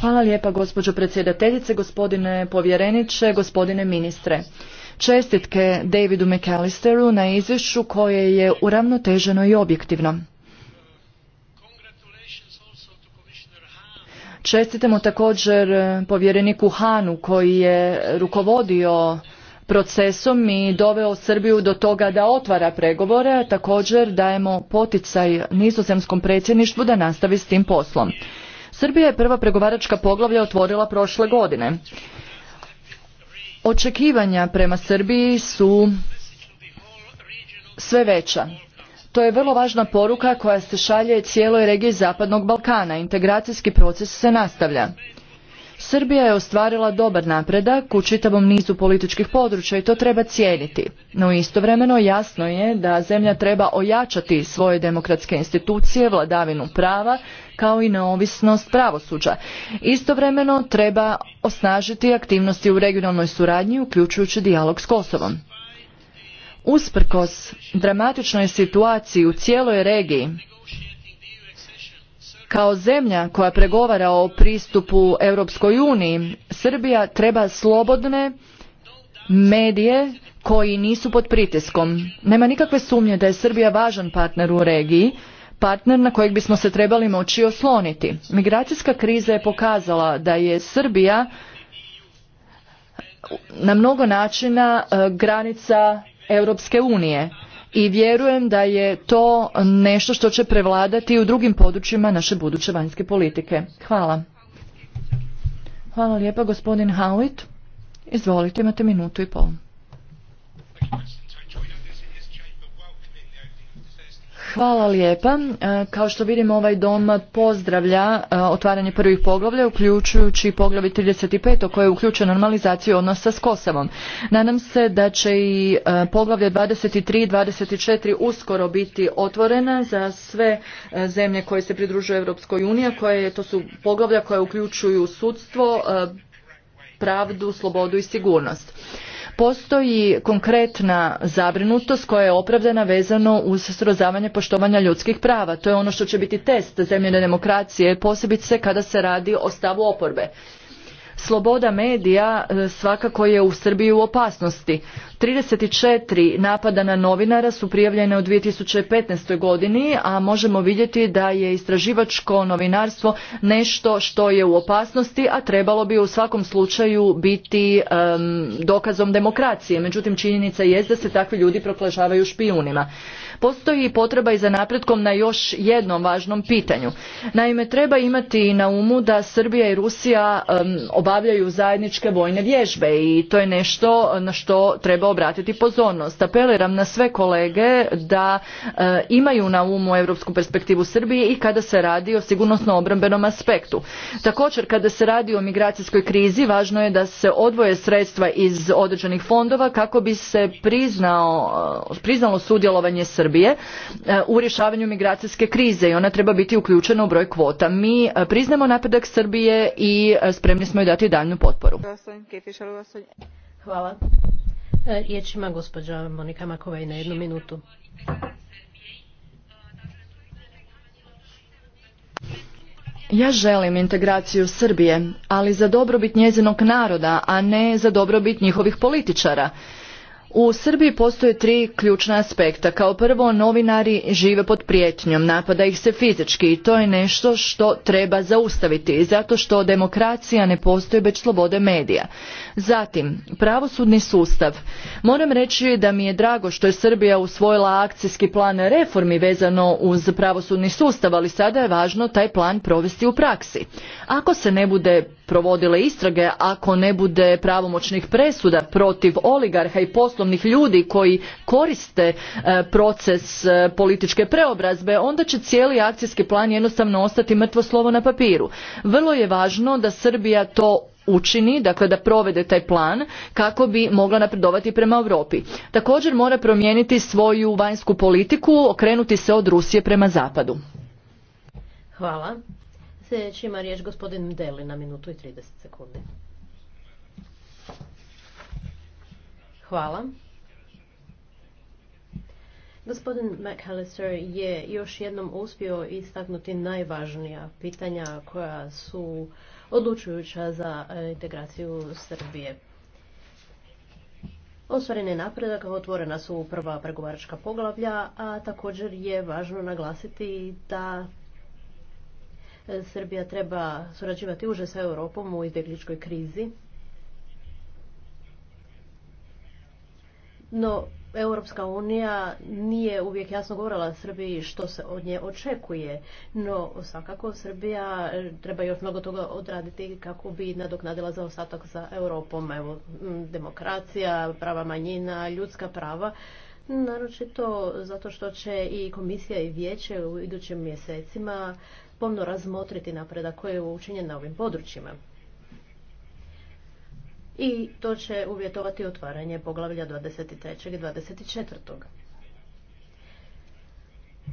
B: Hvala lijepa, gospođo predsjedateljice, gospodine povjereniče, gospodine ministre. Čestitke Davidu McAllisteru na izvješću koje je uravnoteženo i objektivno. Čestitamo također e, povjereniku Hanu koji je rukovodio procesom i doveo Srbiju do toga da otvara pregovore, također dajemo poticaj nizozemskom predsjedništvu da nastavi s tim poslom. Srbija je prva pregovaračka poglavlja otvorila prošle godine. Očekivanja prema Srbiji su sve veća. To je vrlo važna poruka koja se šalje cijeloj regiji Zapadnog Balkana. Integracijski proces se nastavlja. Srbija je ostvarila dobar napredak u čitavom nizu političkih područja i to treba cijeniti. No istovremeno jasno je da zemlja treba ojačati svoje demokratske institucije, vladavinu prava kao i neovisnost pravosuđa. Istovremeno treba osnažiti aktivnosti u regionalnoj suradnji uključujući dijalog s Kosovom. Usprkos dramatičnoj situaciji u cijeloj regiji kao zemlja koja pregovara o pristupu Europskoj uniji, Srbija treba slobodne medije koji nisu pod pritiskom. Nema nikakve sumnje da je Srbija važan partner u regiji, partner na kojeg bismo se trebali moći osloniti. Migracijska kriza je pokazala da je Srbija na mnogo načina e, granica Europske unije i vjerujem da je to nešto što će prevladati u drugim područjima naše buduće vanjske politike. Hvala. Hvala lijepa gospodin Howitt. Izvolite, imate minutu i pol. Hvala lijepa. E, kao što vidimo ovaj dom pozdravlja e, otvaranje prvih poglavlja uključujući poglavlje 35 koje uključuje normalizaciju odnosa s Kosovom. Nadam se da će i e, poglavlje 23 i 24 uskoro biti otvorena za sve zemlje koje se pridružuju Europskoj uniji, koje to su poglavlja koja uključuju sudstvo, pravdu, slobodu i sigurnost. Postoji konkretna zabrinutost koja je opravdana vezano uz srozavanje poštovanja ljudskih prava. To je ono što će biti test zemljene demokracije, posebice kada se radi o stavu oporbe. Sloboda medija e, svakako je u Srbiji u opasnosti. 34 napada na novinara su prijavljene u 2015. godini, a možemo vidjeti da je istraživačko novinarstvo nešto što je u opasnosti, a trebalo bi u svakom slučaju biti dokazom demokracije. Međutim, činjenica je da se takvi ljudi proglašavaju špijunima postoji potreba i za napretkom na još jednom važnom pitanju. Naime, treba imati na umu da Srbija i Rusija obavljaju zajedničke vojne vježbe i to je nešto na što treba obratiti pozornost. Apeliram na sve kolege da e, imaju na umu europsku perspektivu Srbije i kada se radi o sigurnosno obrambenom aspektu. Također kada se radi o migracijskoj krizi važno je da se odvoje sredstva iz određenih fondova kako bi se priznao, e, priznalo sudjelovanje Srbije Srbije e, u rješavanju migracijske krize i ona treba biti uključena u broj kvota. Mi e, priznamo napredak Srbije i e, spremni smo joj dati daljnju potporu.
F: Hvala. jednu minutu.
B: Ja želim integraciju Srbije, ali za dobrobit njezinog naroda, a ne za dobrobit njihovih političara. U Srbiji postoje tri ključna aspekta. Kao prvo, novinari žive pod prijetnjom, napada ih se fizički i to je nešto što treba zaustaviti, zato što demokracija ne postoji bez slobode medija. Zatim, pravosudni sustav. Moram reći da mi je drago što je Srbija usvojila akcijski plan reformi vezano uz pravosudni sustav, ali sada je važno taj plan provesti u praksi. Ako se ne bude provodile istrage ako ne bude pravomoćnih presuda protiv oligarha i poslovnih ljudi koji koriste e, proces e, političke preobrazbe onda će cijeli akcijski plan jednostavno ostati mrtvo slovo na papiru vrlo je važno da Srbija to učini, dakle da provede taj plan kako bi mogla napredovati prema Europi. Također mora promijeniti svoju vanjsku politiku, okrenuti se od Rusije prema zapadu.
F: Hvala. Sljedeći ima riječ gospodin Deli na minutu i 30 sekundi. Hvala. Gospodin McAllister je još jednom uspio istaknuti najvažnija pitanja koja su odlučujuća za e, integraciju Srbije. Ostvaren je napredak, otvorena su prva pregovaračka poglavlja, a također je važno naglasiti da E, Srbija treba surađivati uže sa Europom u izbjegličkoj krizi. No, Europska unija nije uvijek jasno govorila Srbiji što se od nje očekuje, no svakako Srbija e, treba još mnogo toga odraditi kako bi nadoknadila za ostatak za Europom, evo, demokracija, prava manjina, ljudska prava, naročito zato što će i komisija i vijeće u idućim mjesecima pomno razmotriti napredak koji je učinjen na ovim područjima. I to će uvjetovati otvaranje poglavlja 23. i 24.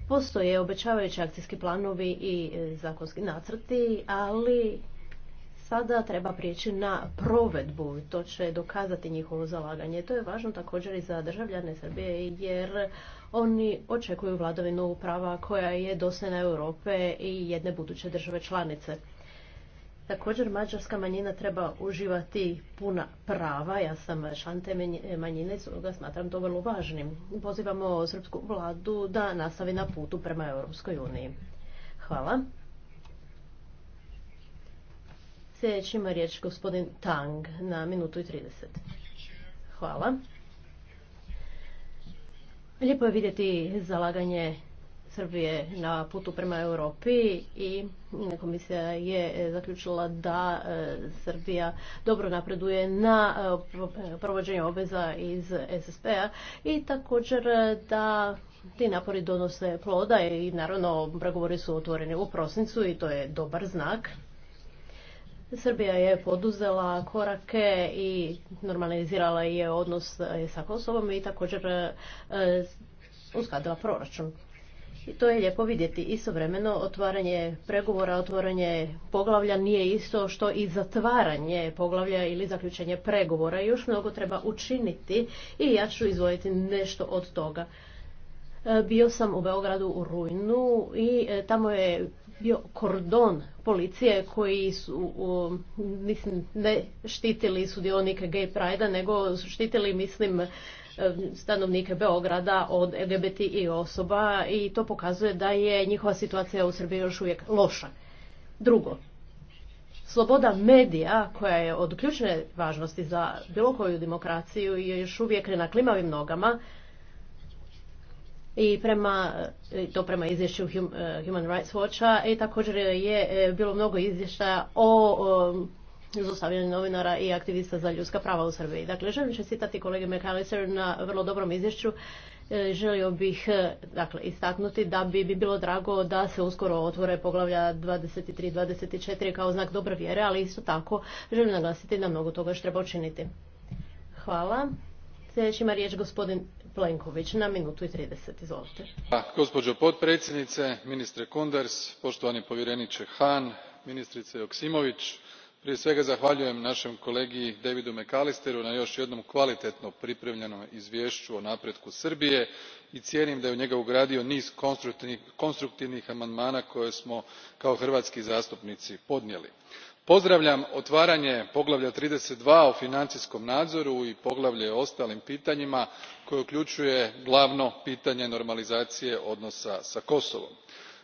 F: Postoje obećavajući akcijski planovi i e, zakonski nacrti, ali sada treba prijeći na provedbu. To će dokazati njihovo zalaganje. To je važno također i za državljane Srbije, jer oni očekuju vladovinu prava koja je dosljena Europe i jedne buduće države članice. Također mađarska manjina treba uživati puna prava. Ja sam član te manjine i ga smatram to vrlo važnim. Pozivamo srpsku vladu da nastavi na putu prema Europskoj uniji. Hvala. Sljedeći ima riječ gospodin Tang na minutu i 30. Hvala. Lijepo je vidjeti zalaganje Srbije na putu prema Europi i komisija je e, zaključila da e, Srbija dobro napreduje na e, provođenju obveza iz SSP-a i također da ti napori donose ploda i naravno pregovori su otvoreni u prosincu i to je dobar znak. Srbija je poduzela korake i normalizirala je odnos e, sa Kosovom i također e, uskadila proračun. I to je lijepo vidjeti. Istovremeno otvaranje pregovora, otvaranje poglavlja nije isto što i zatvaranje poglavlja ili zaključenje pregovora. Još mnogo treba učiniti i ja ću izvojiti nešto od toga. E, bio sam u Beogradu u rujnu i tamo je bio kordon policije koji su, mislim, ne štitili sudionike gay pride nego su štitili, mislim, e, stanovnike Beograda od LGBT i osoba i to pokazuje da je njihova situacija u Srbiji još uvijek loša. Drugo, sloboda medija koja je od ključne važnosti za bilo koju demokraciju je još uvijek na klimavim nogama i prema, to prema izvješću e, Human Rights Watcha i također je e, bilo mnogo izvještaja o zlostavljanju novinara i aktivista za ljudska prava u Srbiji. Dakle, želim čestitati kolege McAllister na vrlo dobrom izvješću. E, želio bih dakle, istaknuti da bi, bi bilo drago da se uskoro otvore poglavlja 23-24 kao znak dobre vjere, ali isto tako želim naglasiti da mnogo toga što treba učiniti. Hvala. Sljedeći ima riječ gospodin Plenković na minutu i Izvolite.
G: Pa, gospođo potpredsjednice, ministre Kundars, poštovani povjereniče Han, ministrice Joksimović, prije svega zahvaljujem našem kolegi Davidu McAllisteru na još jednom kvalitetno pripremljenom izvješću o napretku Srbije i cijenim da je u njega ugradio niz konstruktivnih amandmana koje smo kao hrvatski zastupnici podnijeli pozdravljam otvaranje poglavlja thirty two o financijskom nadzoru i poglavlje o ostalim pitanjima koje ukljuuje glavno pitanje normalizacije odnosa sa kosovom.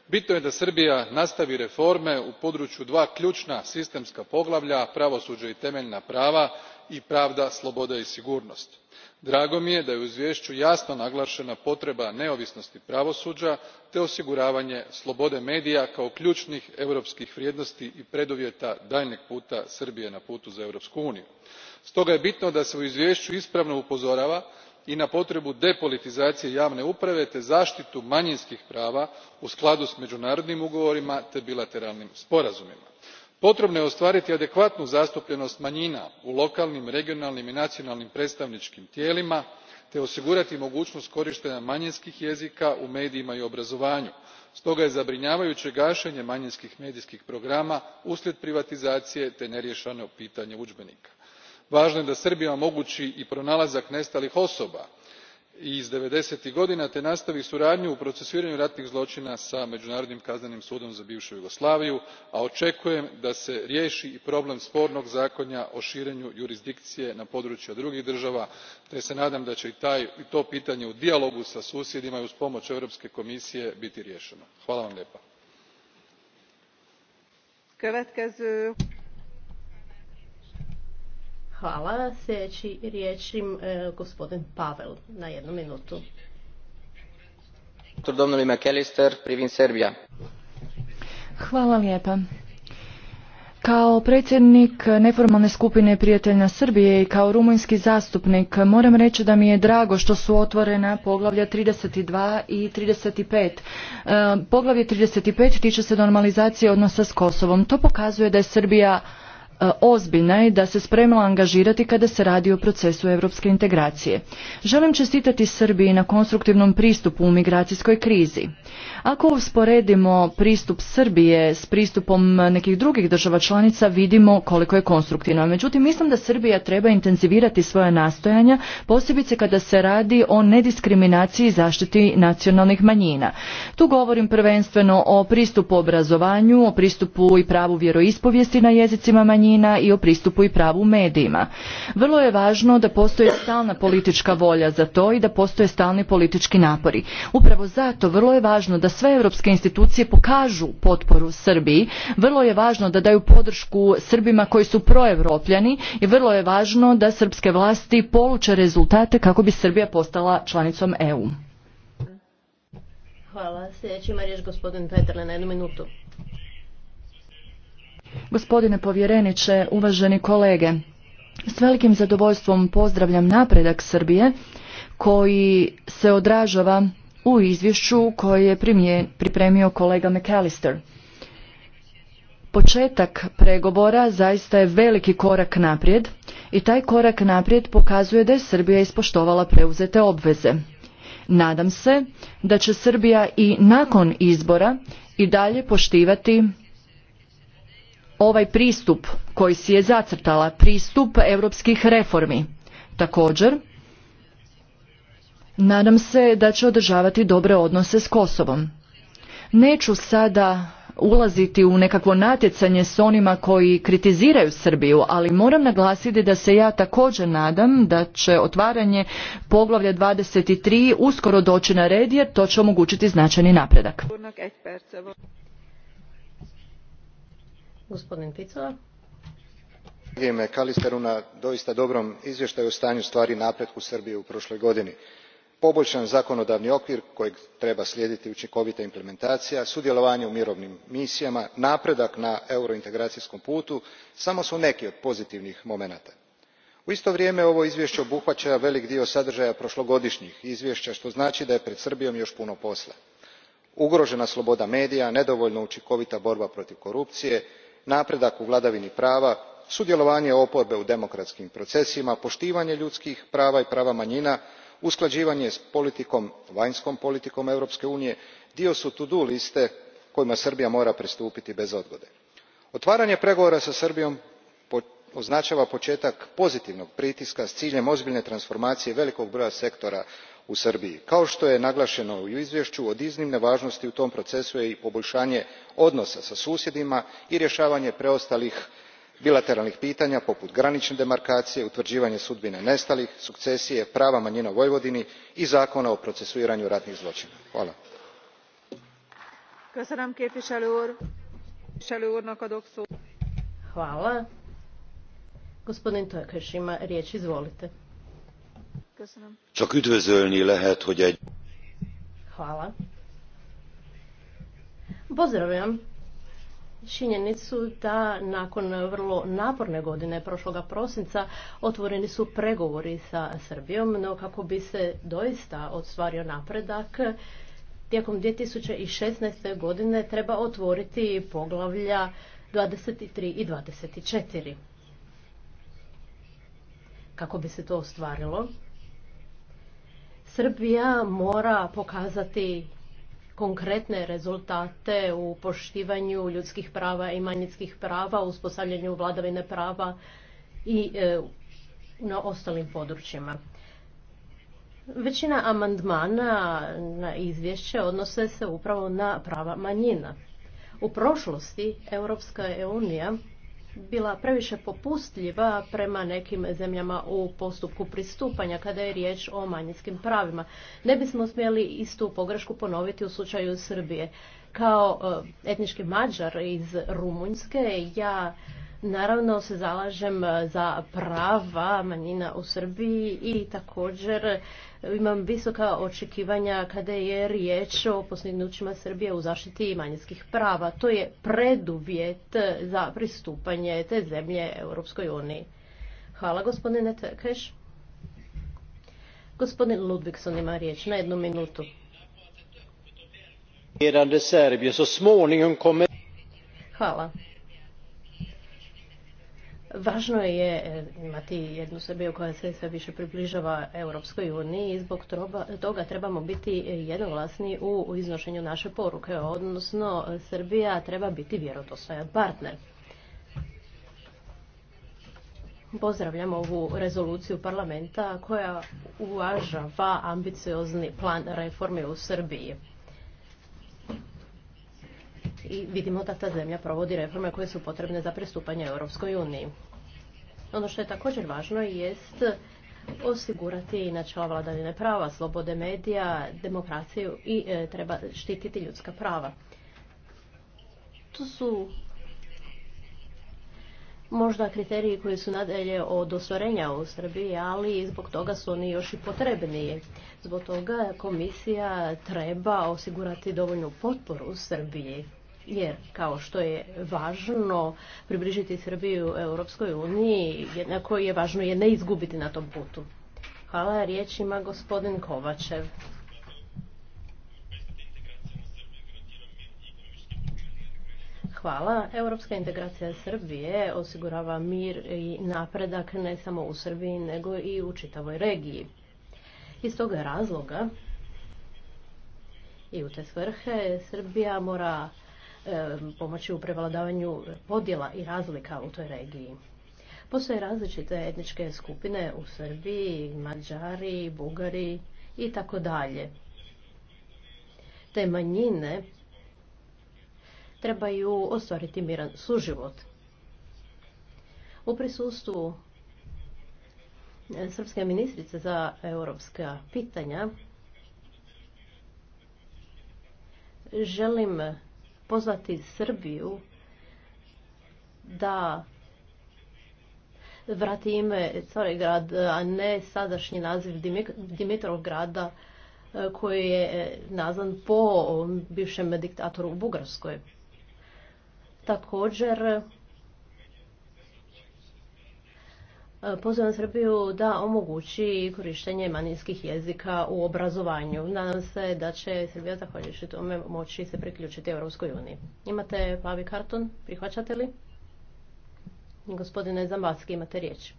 G: bitno je da srbija nastavi reforme u području dva kljuna sistemska poglavlja pravosue i temeljna prava i pravda sloboda i sigurnost. drago mi je da je u izvješću jasno naglašena potreba neovisnosti pravosuđa te osiguravanje slobode medija kao ključnih europskih vrijednosti i preduvjeta daljnjeg puta srbije na putu za europsku uniju. stoga je bitno da se u izvješću ispravno upozorava i na potrebu depolitizacije javne uprave te zaštitu manjinskih prava u skladu s međunarodnim ugovorima te bilateralnim sporazumima potrebno je ostvariti adekvatnu zastupljenost manjina u lokalnim regionalnim i nacionalnim predstavničkim tijelima te osigurati mogućnost korištenja manjinskih jezika u medijima i obrazovanju stoga je zabrinjavajuće gašenje manjinskih medijskih programa uslijed privatizacije te neriješeno pitanje udžbenika. važno je da srbija omogući i pronalazak nestalih osoba iz devedesetih godina te nastavi suradnju u procesuiranju ratnih zločina s međunarodnim kaznenim sudom za bivšu jugoslaviju a očekujem da se riješi i problem spornog zakonja o širenju jurisdikcije na područja drugih država te se nadam da će i to pitanje u dijalogu sa susjedima i uz pomoć europske komisije biti riješeno. hvala vam lijepa.
F: Hvala. Sljedeći riječim e, gospodin Pavel na jednu minutu.
A: McAllister, Serbia.
B: Hvala lijepa. Kao predsjednik neformalne skupine prijatelja Srbije i kao rumunjski zastupnik moram reći da mi je drago što su otvorena poglavlja 32 i 35. E, poglavlje 35 tiče se normalizacije odnosa s Kosovom. To pokazuje da je Srbija E, ozbiljna je da se spremila angažirati kada se radi o procesu europske integracije. Želim čestitati Srbiji na konstruktivnom pristupu u migracijskoj krizi. Ako usporedimo pristup Srbije s pristupom nekih drugih država članica, vidimo koliko je konstruktivno. Međutim, mislim da Srbija treba intenzivirati svoja nastojanja, posebice kada se radi o nediskriminaciji i zaštiti nacionalnih manjina. Tu govorim prvenstveno o pristupu obrazovanju, o pristupu i pravu vjeroispovijesti na jezicima manjina, manjina i o pristupu i pravu medijima. Vrlo je važno da postoji stalna politička volja za to i da postoje stalni politički napori. Upravo zato vrlo je važno da sve europske institucije pokažu potporu Srbiji, vrlo je važno da daju podršku Srbima koji su proevropljani i vrlo je važno da srpske vlasti poluče rezultate kako bi Srbija postala članicom EU.
F: Hvala. Sljedeći gospodin Petrle na jednu minutu.
B: Gospodine povjereniče, uvaženi kolege, s velikim zadovoljstvom pozdravljam napredak Srbije koji se odražava u izvješću koje je pripremio kolega McAllister. Početak pregovora zaista je veliki korak naprijed i taj korak naprijed pokazuje da je Srbija ispoštovala preuzete obveze. Nadam se da će Srbija i nakon izbora i dalje poštivati ovaj pristup koji si je zacrtala, pristup europskih reformi. Također, nadam se da će održavati dobre odnose s Kosovom. Neću sada ulaziti u nekakvo natjecanje s onima koji kritiziraju Srbiju, ali moram naglasiti da se ja također nadam da će otvaranje poglavlja 23 uskoro doći na red jer to će omogućiti značajni napredak.
F: Gospodin
H: Kalisteru na doista dobrom izvještaju o stanju stvari napretku Srbije u prošloj godini. Poboljšan zakonodavni okvir kojeg treba slijediti učinkovita implementacija, sudjelovanje u mirovnim misijama, napredak na eurointegracijskom putu samo su neki od pozitivnih momenata. U isto vrijeme ovo izvješće obuhvaća velik dio sadržaja prošlogodišnjih izvješća što znači da je pred Srbijom još puno posla. Ugrožena sloboda medija, nedovoljno učinkovita borba protiv korupcije, napredak u vladavini prava sudjelovanje oporbe u demokratskim procesima poštivanje ljudskih prava i prava manjina usklađivanje s politikom, vanjskom politikom europske unije dio su to do liste kojima srbija mora pristupiti bez odgode. otvaranje pregovora sa srbijom označava početak pozitivnog pritiska s ciljem ozbiljne transformacije velikog broja sektora u srbiji. kao to je naglašeno u izvješću, od iznimne vanosti u tom procesu je i poboljšanje odnosa sa susjedima i rješavanje preostalih bilateralnih pitanja poput granične demarkacije utvrđivanje sudbine nestalih sukcesije prava manjina u vojvodini i zakona o procesuiranju ratnih zloina.
F: hvala. riječ,
H: Csak üdvözölni lehet, hogy egy...
F: Hvala. Pozdravljam činjenicu da nakon vrlo naporne godine prošloga prosinca otvoreni su pregovori sa Srbijom, no kako bi se doista ostvario napredak, tijekom 2016. godine treba otvoriti poglavlja 23 i 24. Kako bi se to ostvarilo, Srbija mora pokazati konkretne rezultate u poštivanju ljudskih prava i manjinskih prava, u uspostavljanju vladavine prava i e, na ostalim područjima. Većina amandmana na izvješće odnose se upravo na prava manjina. U prošlosti Europska unija bila previše popustljiva prema nekim zemljama u postupku pristupanja kada je riječ o manjinskim pravima. Ne bismo smjeli istu pogrešku ponoviti u slučaju Srbije. Kao e, etnički mađar iz Rumunjske ja Naravno se zalažem e, za prava manjina u Srbiji i također e, imam visoka očekivanja kada je riječ o postignućima Srbije u zaštiti manjinskih prava. To je preduvjet e, za pristupanje te zemlje Europskoj uniji. Hvala gospodine Tekeš. Gospodin Ludvigson ima riječ na jednu minutu. Hvala. Važno je eh, imati jednu Srbiju koja se sve više približava Europskoj uniji i zbog toga trebamo biti jednoglasni u iznošenju naše poruke, odnosno eh, Srbija treba biti vjerodostojan partner. Pozdravljam ovu rezoluciju parlamenta koja uvažava ambiciozni plan reforme u Srbiji i vidimo da ta zemlja provodi reforme koje su potrebne za pristupanje Europskoj uniji. Ono što je također važno jest osigurati načela vladavine prava, slobode medija, demokraciju i e, treba štititi ljudska prava. To su možda kriteriji koji su nadalje od osvorenja u Srbiji, ali zbog toga su oni još i potrebniji. Zbog toga komisija treba osigurati dovoljnu potporu u Srbiji jer kao što je važno približiti Srbiju Europskoj uniji, jednako je važno je ne izgubiti na tom putu. Hvala, riječ ima gospodin Kovačev. Hvala. Europska integracija Srbije osigurava mir i napredak ne samo u Srbiji, nego i u čitavoj regiji. Iz toga razloga i u te svrhe Srbija mora pomoći u prevladavanju podjela i razlika u toj regiji. Postoje različite etničke skupine u Srbiji, Mađari, Bugari i tako dalje. Te manjine trebaju ostvariti miran suživot. U prisustvu Srpske ministrice za europska pitanja želim pozvati Srbiju da vrati ime grad, a ne sadašnji naziv Dimitrov grada e, koji je e, nazvan po bivšem diktatoru u Bugarskoj. Također, pozivam Srbiju da omogući korištenje manjinskih jezika u obrazovanju. Nadam se da će Srbija zahvaljujući tome moći se priključiti Europskoj uniji. Imate plavi karton, prihvaćate li? Gospodine Zambatski, imate riječ.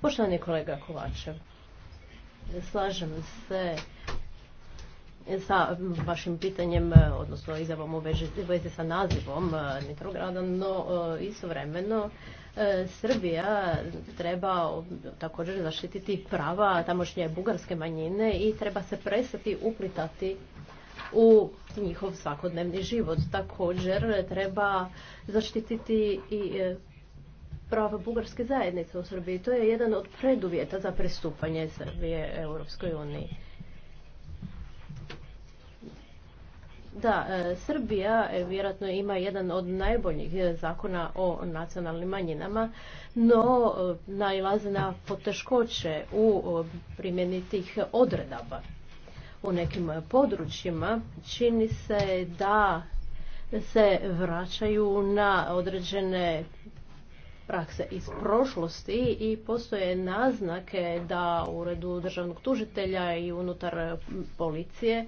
F: Poštovani kolega Kovačev, slažem se sa vašim pitanjem, e, odnosno izjavom u vezi sa nazivom e, Nitrograda, no e, istovremeno Srbija treba također zaštititi prava tamošnje bugarske manjine i treba se prestati uplitati u njihov svakodnevni život. Također treba zaštititi i prava bugarske zajednice u Srbiji. To je jedan od preduvjeta za pristupanje Srbije Europskoj uniji. Da, e, Srbija e, vjerojatno ima jedan od najboljih e, zakona o nacionalnim manjinama, no najlaze na poteškoće u primjeni tih odredaba. U nekim područjima čini se da se vraćaju na određene prakse iz prošlosti i postoje naznake da u uredu državnog tužitelja i unutar policije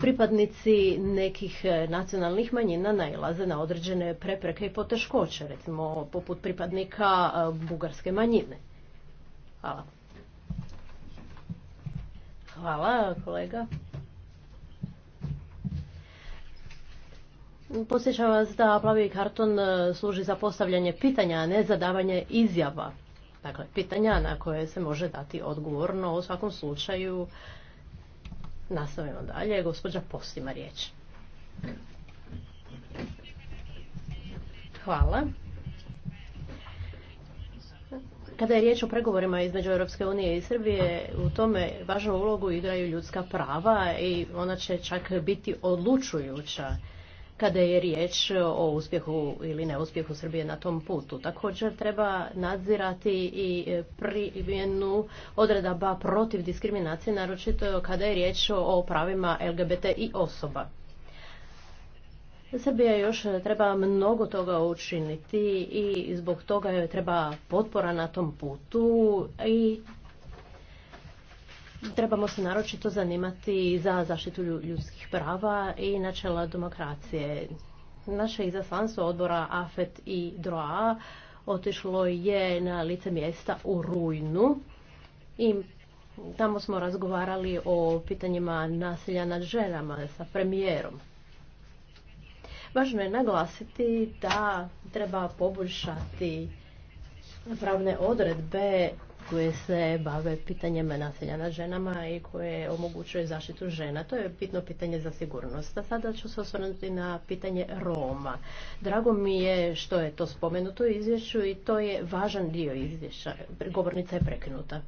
F: pripadnici nekih e, nacionalnih manjina nailaze na određene prepreke i poteškoće, recimo poput pripadnika e, bugarske manjine. Hvala. Hvala, kolega. Posjećam vas da plavi karton e, služi za postavljanje pitanja, a ne za davanje izjava. Dakle, pitanja na koje se može dati odgovorno u svakom slučaju Nastavimo dalje. Gospođa Postima, riječ. Hvala. Kada je riječ o pregovorima između Europske unije i Srbije, u tome važnu ulogu igraju ljudska prava i ona će čak biti odlučujuća kada je riječ o uspjehu ili neuspjehu Srbije na tom putu. Također treba nadzirati i primjenu odredaba protiv diskriminacije, naročito kada je riječ o pravima LGBT i osoba. Srbija još treba mnogo toga učiniti i zbog toga joj treba potpora na tom putu i trebamo se naročito zanimati za zaštitu ljudskih prava i načela demokracije. Naše izaslanstvo odbora AFET i DROA otišlo je na lice mjesta u Rujnu i tamo smo razgovarali o pitanjima nasilja nad ženama sa premijerom. Važno je naglasiti da treba poboljšati pravne odredbe koje se bave pitanjem nasilja na ženama i koje omogućuje zaštitu žena. To je bitno pitanje za sigurnost. A sada ću se osvrnuti na pitanje Roma. Drago mi je što je to spomenuto u izvješću i to je važan dio izvješća. Govornica je prekinuta.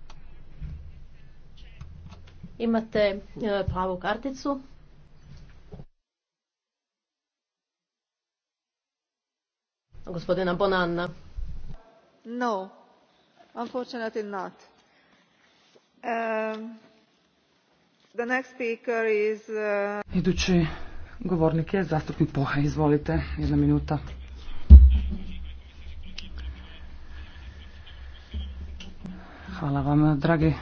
F: Imate e, plavu karticu. Gospodina Bonanna. No
D: unfortunately not. Um, the next speaker is, uh,
I: Idući govornik je zastupnik Poha. Izvolite, jedna minuta. Hvala vam, dragi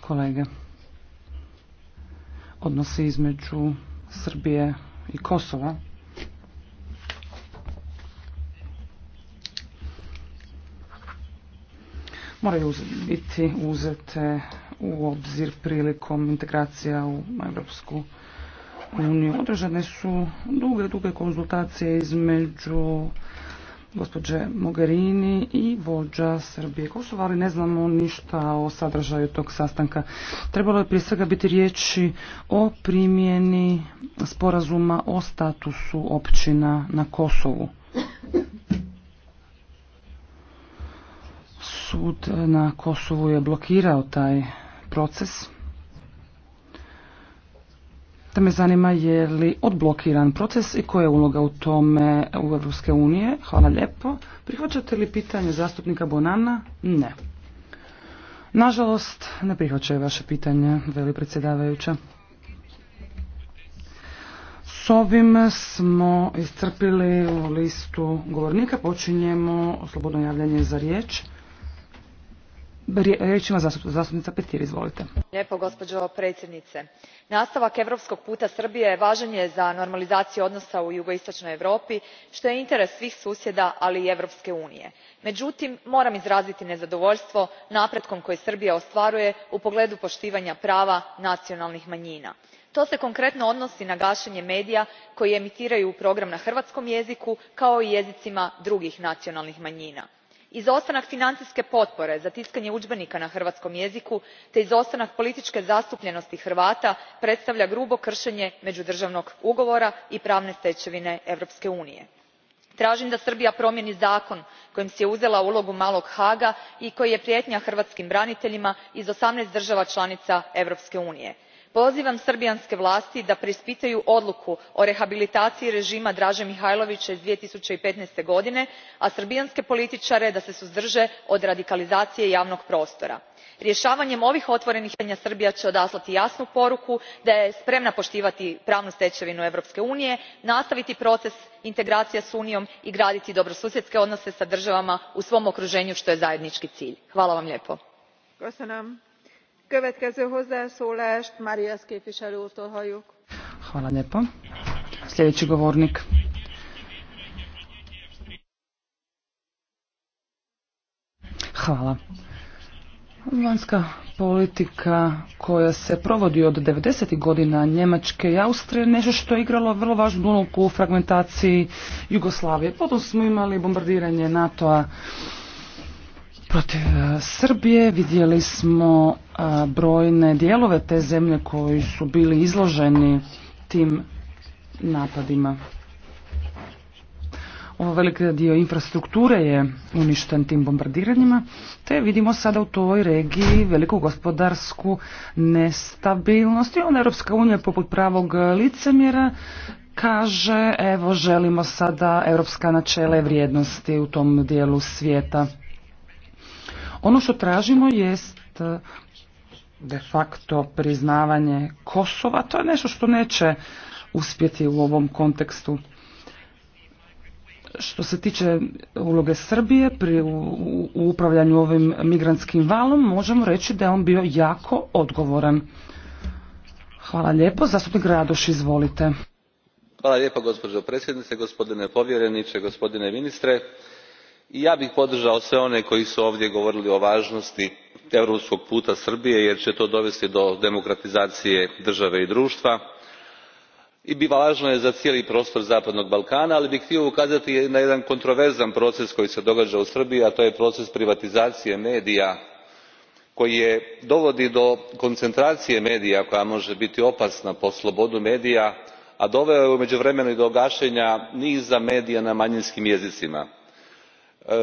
I: kolege. Odnosi između Srbije i Kosova moraju biti uzete u obzir prilikom integracija u Europsku uniju. Održane su duge, duge konzultacije između gospođe Mogherini i vođa Srbije Kosova, ali ne znamo ništa o sadržaju tog sastanka. Trebalo je prije svega biti riječi o primjeni sporazuma o statusu općina na Kosovu. Sud na Kosovu je blokirao taj proces. Da me zanima je li odblokiran proces i koja je uloga u tome u Evropske unije. Hvala lijepo. Prihvaćate li pitanje zastupnika Bonana? Ne. Nažalost, ne prihvaćaju vaše pitanje, veli predsjedavajuća. S ovim smo iscrpili listu govornika. Počinjemo slobodno javljanje za riječ. Riječ ima zastupnica Petir, izvolite.
J: Lijepo, gospođo predsjednice. Nastavak europskog puta Srbije važan je za normalizaciju odnosa u jugoistočnoj Europi, što je interes svih susjeda, ali i Europske unije. Međutim, moram izraziti nezadovoljstvo napretkom koji Srbija ostvaruje u pogledu poštivanja prava nacionalnih manjina. To se konkretno odnosi na gašenje medija koji emitiraju program na hrvatskom jeziku, kao i jezicima drugih nacionalnih manjina izostanak financijske potpore za tiskanje udžbenika na hrvatskom jeziku te izostanak političke zastupljenosti hrvata predstavlja grubo kršenje međudržavnog ugovora i pravne stečevine europske unije. tražim da srbija promijeni zakon kojim si je uzela ulogu malog haaga i koji je prijetnja hrvatskim braniteljima iz osamnaest država članica europske unije pozivam srbijanske vlasti da preispitaju odluku o rehabilitaciji režima draže mihajlovića iz. two thousand and fifteen godine a srbijanske političare da se suzdrže od radikalizacije javnog prostora. rješavanjem ovih otvorenih pitanja srbija će odaslati jasnu poruku da je spremna poštivati pravnu stečevinu europske unije nastaviti proces integracija s unijom i graditi dobrosusjedske odnose sa državama u svom okruženju što je zajednički cilj. hvala vam lijepo
D: képviselő
I: Hvala lijepo. Sljedeći govornik. Hvala. Vanjska politika koja se provodi od 90. godina Njemačke i Austrije, nešto što je igralo vrlo važnu ulogu u fragmentaciji Jugoslavije. Potom smo imali bombardiranje NATO-a protiv e, Srbije. Vidjeli smo e, brojne dijelove te zemlje koji su bili izloženi tim napadima. Ovo veliki dio infrastrukture je uništen tim bombardiranjima, te vidimo sada u toj regiji veliku gospodarsku nestabilnost i ona Europska unija poput pravog licemjera kaže evo želimo sada europska načela i vrijednosti u tom dijelu svijeta. Ono što tražimo jest e, de facto priznavanje Kosova. To je nešto što neće uspjeti u ovom kontekstu. Što se tiče uloge Srbije pri, u, upravljanju ovim migrantskim valom, možemo reći da je on bio jako odgovoran. Hvala lijepo. Zastupnik Radoš, izvolite.
K: Hvala lijepo gospođo predsjednice, gospodine povjereniče, gospodine ministre i ja bih podržao sve one koji su ovdje govorili o važnosti europskog puta srbije jer će to dovesti do demokratizacije države i društva i važno je za cijeli prostor zapadnog balkana ali bih htio ukazati na jedan kontroverzan proces koji se događa u srbiji a to je proces privatizacije medija koji dovodi do koncentracije medija koja može biti opasna po slobodu medija a doveo je u međuvremenu i do gašenja niza medija na manjinskim jezicima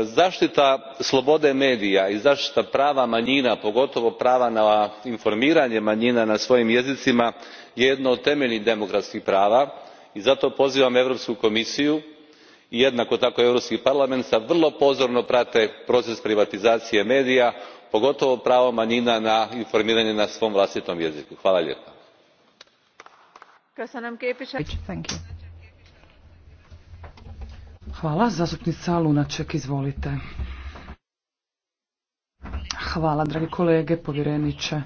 K: zaštita slobode medija i zaštita prava manjina pogotovo prava na informiranje manjina na svojim jezicima jedno od temeljnih demokratskih prava i zato pozivam europsku komisiju i jednako tako europski parlament da vrlo pozorno prate proces privatizacije medija pogotovo pravo manjina na informiranje na svom vlastitom jeziku. hvala
I: Hvala. Zastupnica Lunaček, izvolite. Hvala, dragi kolege, povjereniče.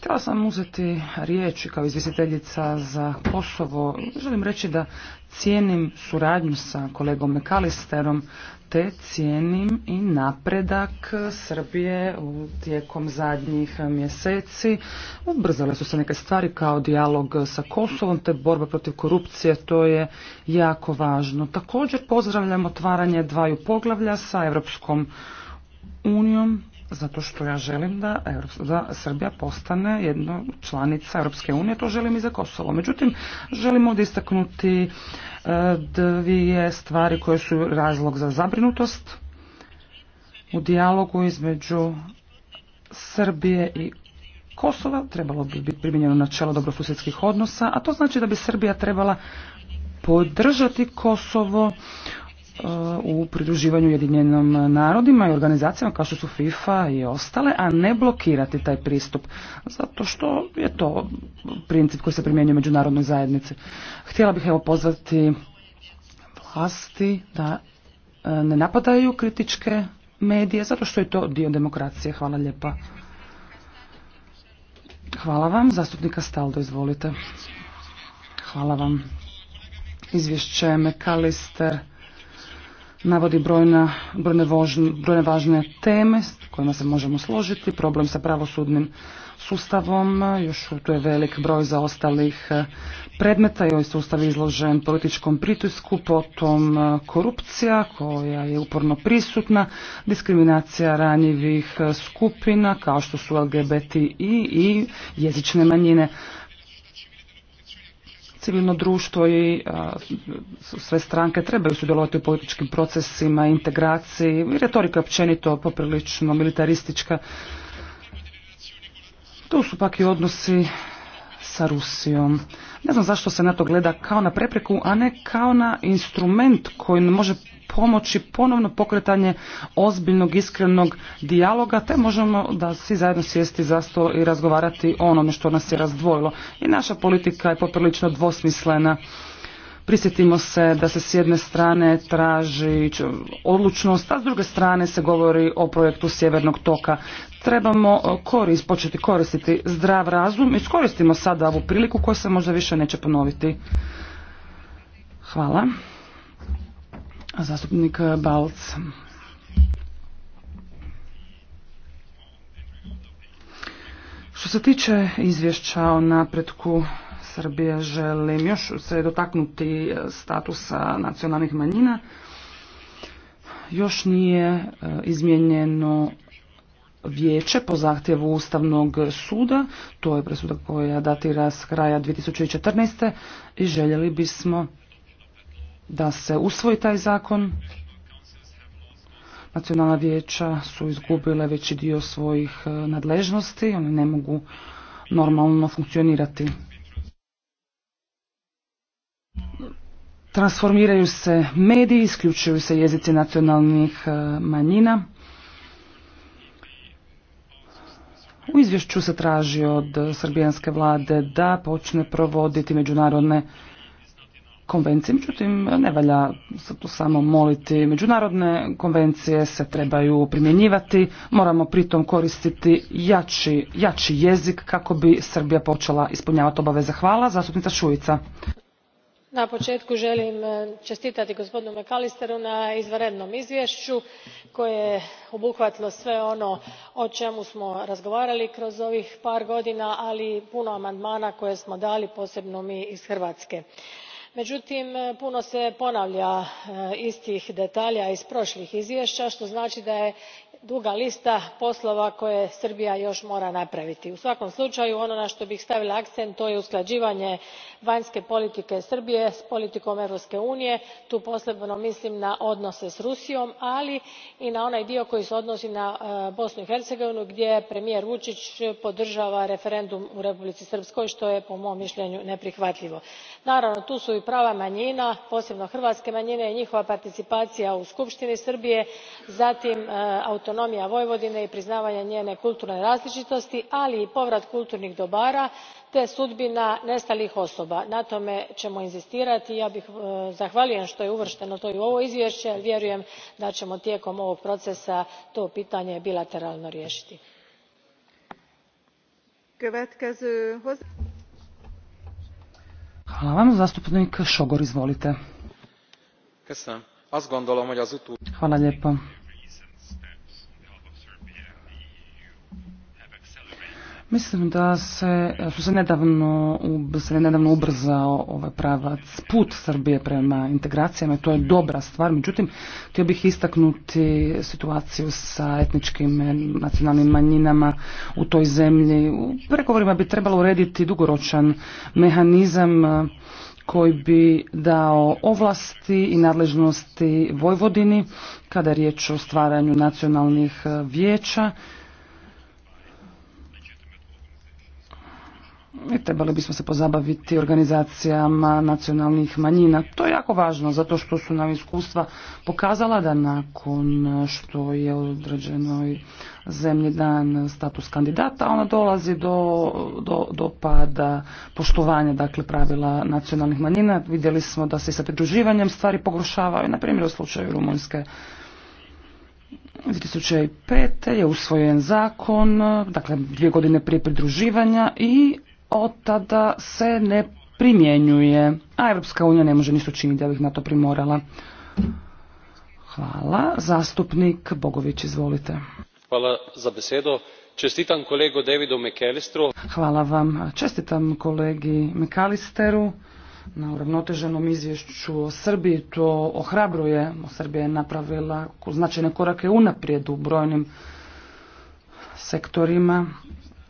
I: Htjela sam uzeti riječ kao izvjestiteljica za Kosovo. Želim reći da cijenim suradnju sa kolegom Mekalisterom, te cijenim i napredak Srbije u tijekom zadnjih mjeseci. Ubrzale su se neke stvari kao dijalog sa Kosovom te borba protiv korupcije, to je jako važno. Također pozdravljam otvaranje dvaju poglavlja sa Europskom unijom zato što ja želim da, da Srbija postane jedna članica Europske unije, to želim i za Kosovo. Međutim, želim ovdje istaknuti e, dvije stvari koje su razlog za zabrinutost u dijalogu između Srbije i Kosova trebalo bi biti primijenjeno načelo dobrosusjedskih odnosa, a to znači da bi Srbija trebala podržati Kosovo u pridruživanju Jedinjenom narodima i organizacijama kao što su FIFA i ostale, a ne blokirati taj pristup, zato što je to princip koji se primjenjuje međunarodnoj zajednici. Htjela bih evo pozvati vlasti da e, ne napadaju kritičke medije, zato što je to dio demokracije. Hvala lijepa. Hvala vam. Zastupnika Staldo, izvolite. Hvala vam. Izvješće Mekalister navodi brojna, brojne, važne teme s kojima se možemo složiti, problem sa pravosudnim sustavom, još tu je velik broj zaostalih eh, predmeta i ovaj sustav izložen političkom pritisku, potom eh, korupcija koja je uporno prisutna, diskriminacija ranjivih eh, skupina kao što su LGBTI i jezične manjine civilno društvo i sve stranke trebaju sudjelovati u političkim procesima, integraciji i retorika općenito poprilično militaristička. Tu su pak i odnosi sa Rusijom. Ne znam zašto se na to gleda kao na prepreku, a ne kao na instrument koji može pomoći ponovno pokretanje ozbiljnog, iskrenog dijaloga, te možemo da svi zajedno sjesti za sto i razgovarati o onome što nas je razdvojilo. I naša politika je poprilično dvosmislena. Prisjetimo se da se s jedne strane traži odlučnost, a s druge strane se govori o projektu Sjevernog toka trebamo e, korist, početi koristiti zdrav razum. Iskoristimo sada ovu priliku koja se možda više neće ponoviti. Hvala. Zastupnik Balc. Što se tiče izvješća o napretku Srbije, želim još se dotaknuti statusa nacionalnih manjina. Još nije e, izmijenjeno vijeće po zahtjevu Ustavnog suda, to je presuda koja datira s kraja 2014. i željeli bismo da se usvoji taj zakon. Nacionalna vijeća su izgubile veći dio svojih e, nadležnosti, one ne mogu normalno funkcionirati. Transformiraju se mediji, isključuju se jezici nacionalnih e, manjina. U izvješću se traži od srbijanske vlade da počne provoditi međunarodne konvencije, međutim ne valja se tu samo moliti. Međunarodne konvencije se trebaju primjenjivati, moramo pritom koristiti jači, jači jezik kako bi Srbija počela ispunjavati obaveze. Hvala, zastupnica Šujica
L: na početku želim e, čestitati gospodinu mcallisteru na izvanrednom izvješću koje je obuhvatilo sve ono o čemu smo razgovarali kroz ovih par godina ali i puno amandmana koje smo dali posebno mi iz hrvatske. međutim e, puno se ponavlja e, istih detalja iz prošlih izvješća što znači da je duga lista poslova koje srbija još mora napraviti. u svakom slučaju ono na što bih stavila akcent to je usklaivanje vanjske politike srbije s politikom europske unije tu posebno mislim na odnose s rusijom ali i na onaj dio koji se odnosi na e, bosnu i hercegovinu gdje premijer vui podržava referendum u republici srpskoj što je po mom mišljenju neprihvatljivo. naravno tu su i prava manjina posebno hrvatske manjine i njihova participacija u skuptini srbije zatim e, autonomija vojvodine i priznavanje njene kulturne različitosti ali i povrat kulturnih dobara te sudbina nestalih osoba. na tome ćemo inzistirati i ja e, zahvaljujem što je uvršteno to i u ovo izvješće jer vjerujem da ćemo tijekom ovog procesa to pitanje bilateralno riješiti.
I: Hvala Mislim da se, su se nedavno, se nedavno ubrzao ovaj pravac put Srbije prema integracijama i to je dobra stvar. Međutim, htio bih istaknuti situaciju sa etničkim nacionalnim manjinama u toj zemlji. U pregovorima bi trebalo urediti dugoročan mehanizam koji bi dao ovlasti i nadležnosti Vojvodini kada je riječ o stvaranju nacionalnih vijeća Trebali bismo se pozabaviti organizacijama nacionalnih manjina. To je jako važno zato što su nam iskustva pokazala da nakon što je u određenoj zemlji dan status kandidata, ona dolazi do, do, do pada poštovanja dakle, pravila nacionalnih manjina. Vidjeli smo da se s sa pridruživanjem stvari pogoršavaju, na primjer u slučaju Rumunjske 2005. je usvojen zakon, dakle dvije godine prije pridruživanja i od tada se ne primjenjuje, a Europska unija ne može ništa učiniti da bih na to primorala. Hvala. Zastupnik Bogović, izvolite.
D: Hvala
K: za besedo. Čestitam kolegu Davidu McAllisteru.
I: Hvala vam. Čestitam kolegi Mekalisteru. na uravnoteženom izvješću o Srbiji. To ohrabruje. Srbija je napravila značajne korake unaprijed u brojnim sektorima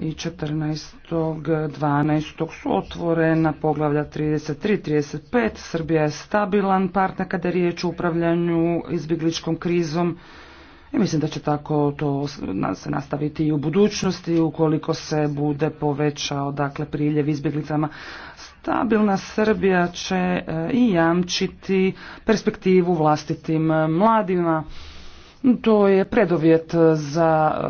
I: i 14.12. su otvorena poglavlja 33-35. Srbija je stabilan partner kada je riječ o upravljanju izbjegličkom krizom i mislim da će tako to se nastaviti i u budućnosti ukoliko se bude povećao dakle priljev izbjeglicama. Stabilna Srbija će e, i jamčiti perspektivu vlastitim e, mladima. To je predovjet za e,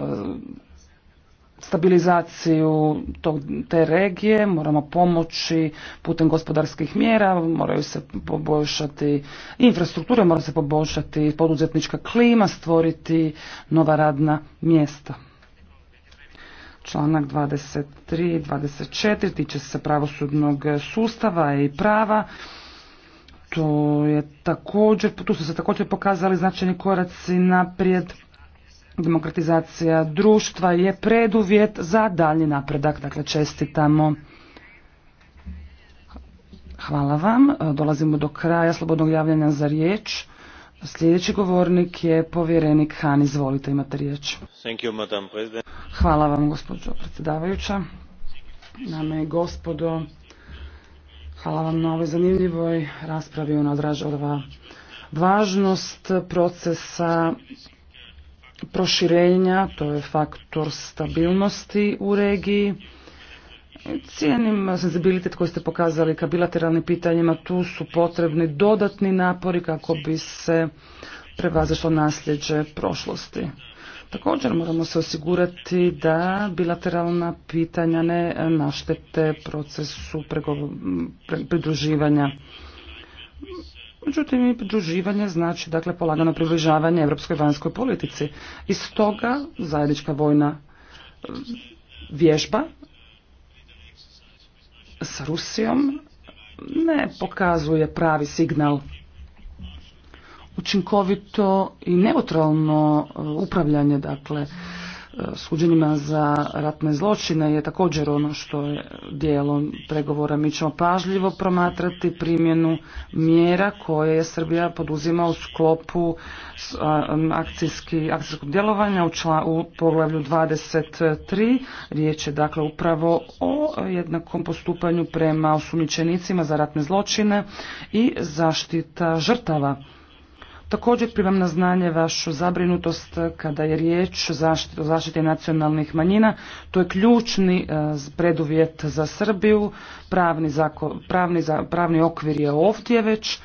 I: stabilizaciju tog, te regije, moramo pomoći putem gospodarskih mjera, moraju se poboljšati infrastrukture, mora se poboljšati poduzetnička klima, stvoriti nova radna mjesta. Članak 23 i 24 tiče se pravosudnog sustava i prava. To je također, tu su se također pokazali značajni koraci naprijed. Demokratizacija društva je preduvjet za dalji napredak, dakle čestitamo. Hvala vam. Dolazimo do kraja slobodnog javljanja za riječ. Sljedeći govornik je povjerenik Han. Izvolite, imate riječ. Hvala vam, gospođo predsjedavajuća. name i gospodo, hvala vam na ovoj zanimljivoj raspravi. Ona odražava važnost procesa proširenja, to je faktor stabilnosti u regiji. Cijenim senzibilitet koji ste pokazali ka bilateralnim pitanjima, tu su potrebni dodatni napori kako bi se prevazašlo nasljeđe prošlosti. Također moramo se osigurati da bilateralna pitanja ne naštete procesu pridruživanja. Međutim, i pridruživanje znači dakle polagano približavanje europskoj vanjskoj politici. I stoga zajednička vojna eh, vježba sa Rusijom ne pokazuje pravi signal učinkovito i neutralno eh, upravljanje dakle suđenjima za ratne zločine je također ono što je dijelo pregovora. Mi ćemo pažljivo promatrati primjenu mjera koje je Srbija poduzima u sklopu um, akcijski, akcijskog djelovanja u, čla, u poglavlju 23. Riječ je dakle upravo o jednakom postupanju prema osumnjičenicima za ratne zločine i zaštita žrtava. Također primam na znanje vašu zabrinutost kada je riječ o zaštiti, nacionalnih manjina. To je ključni e, preduvjet za Srbiju. Pravni, pravni, pravni okvir je ovdje već.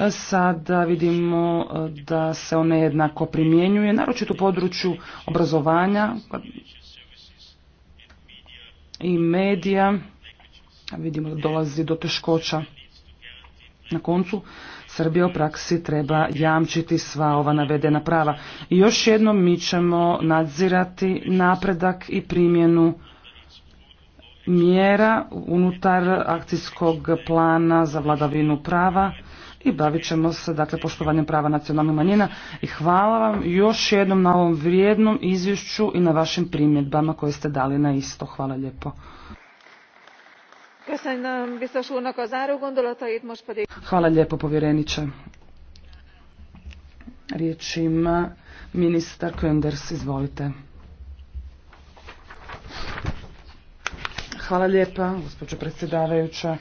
I: E, sada vidimo e, da se on nejednako primjenjuje, naročito u području obrazovanja pa i medija. Vidimo da dolazi do teškoća. Na koncu Srbije u praksi treba jamčiti sva ova navedena prava. I još jednom mi ćemo nadzirati napredak i primjenu mjera unutar akcijskog plana za vladavinu prava i bavit ćemo se dakle poštovanjem prava nacionalnih manjina i hvala vam još jednom na ovom vrijednom izvješću i na vašim primjedbama koje ste dali na isto. Hvala lijepo. Hvala lijepo povjereniče. Riječ ima ministar Könders, izvolite. Hvala lijepa, gospođo predsjedavajuća.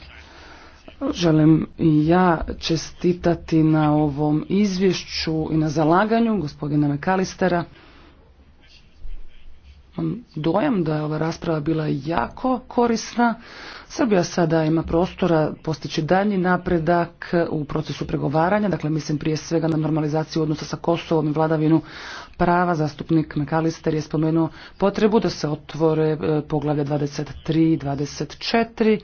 I: Želim i ja čestitati na ovom izvješću i na zalaganju gospodina Mekalistera dojam da je ova rasprava bila jako korisna. Srbija sada ima prostora postići daljnji napredak u procesu pregovaranja, dakle mislim prije svega na normalizaciju odnosa sa Kosovom i vladavinu prava. Zastupnik Mekalister je spomenuo potrebu da se otvore e, poglavlja 23 i 24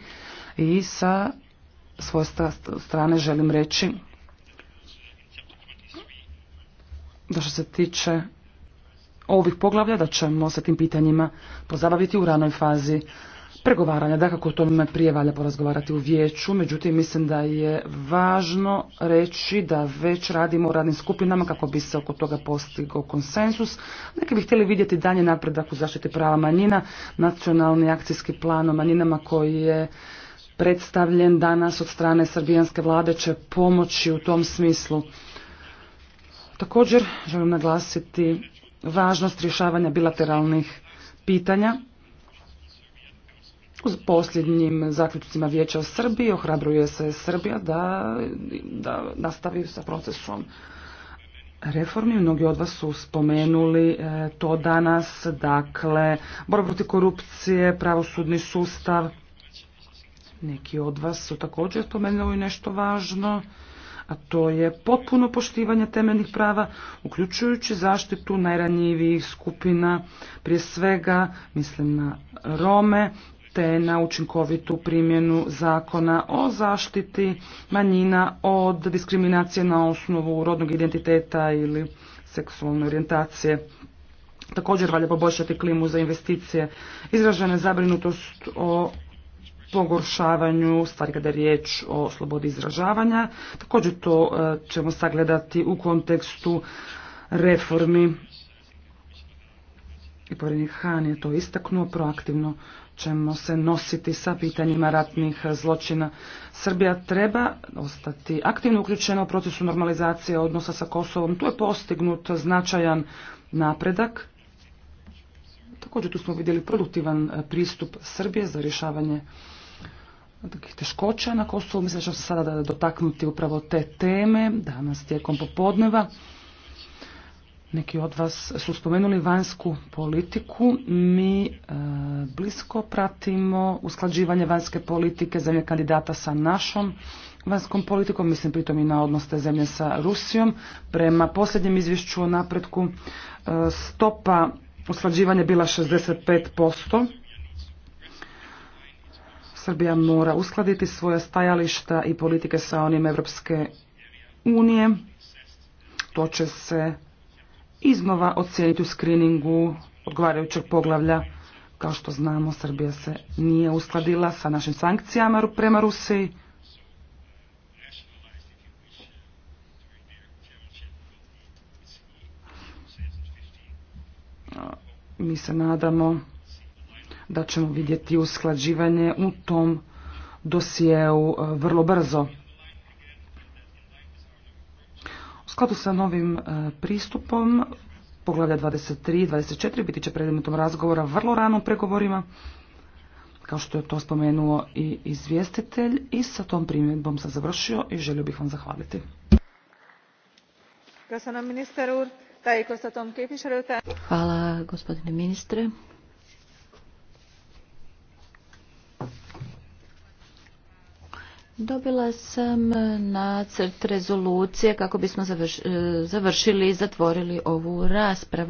I: i sa svoje strane želim reći da što se tiče ovih poglavlja, da ćemo se tim pitanjima pozabaviti u ranoj fazi pregovaranja. Dakako, o tome prije valja porazgovarati u vijeću, međutim, mislim da je važno reći da već radimo u radnim skupinama kako bi se oko toga postigao konsensus. Neki bi htjeli vidjeti dalje napredak u zaštiti prava manjina, nacionalni akcijski plan o manjinama koji je predstavljen danas od strane srbijanske vlade će pomoći u tom smislu. Također želim naglasiti važnost rješavanja bilateralnih pitanja. Uz posljednjim zaključcima Vijeća o Srbiji ohrabruje se Srbija da, da nastavi sa procesom reformi. Mnogi od vas su spomenuli e, to danas, dakle, borba protiv korupcije, pravosudni sustav. Neki od vas su također spomenuli nešto važno a to je potpuno poštivanje temeljnih prava, uključujući zaštitu najranjivijih skupina, prije svega mislim na Rome, te na učinkovitu primjenu zakona o zaštiti manjina od diskriminacije na osnovu rodnog identiteta ili seksualne orijentacije. Također valja poboljšati klimu za investicije. Izražena zabrinutost o pogoršavanju stvari kada je riječ o slobodi izražavanja. Također to e, ćemo sagledati u kontekstu reformi. I povrednik Han je to istaknuo, proaktivno ćemo se nositi sa pitanjima ratnih zločina. Srbija treba ostati aktivno uključena u procesu normalizacije odnosa sa Kosovom. Tu je postignut značajan napredak. Također tu smo vidjeli produktivan e, pristup Srbije za rješavanje takih teškoća na Kosovu. Mislim da ćemo se sada dotaknuti upravo te teme danas tijekom popodneva. Neki od vas su spomenuli vanjsku politiku. Mi e, blisko pratimo usklađivanje vanjske politike zemlje kandidata sa našom vanjskom politikom, mislim pritom i na odnos te zemlje sa Rusijom. Prema posljednjem izvješću o napretku e, stopa usklađivanja bila 65%. Srbija mora uskladiti svoja stajališta i politike sa onim Evropske unije. To će se iznova ocijeniti u skriningu odgovarajućeg poglavlja. Kao što znamo, Srbija se nije uskladila sa našim sankcijama prema Rusiji. Mi se nadamo da ćemo vidjeti usklađivanje u tom dosijeu e, vrlo brzo. U skladu sa novim e, pristupom poglavlja 23 i 24 biti će predmetom razgovora vrlo rano u pregovorima, kao što je to spomenuo i izvjestitelj i sa tom primjedbom sam završio i želio bih vam zahvaliti. Hvala gospodine ministre.
B: Dobila sam nacrt rezolucije kako bismo e, završili i zatvorili ovu raspravu.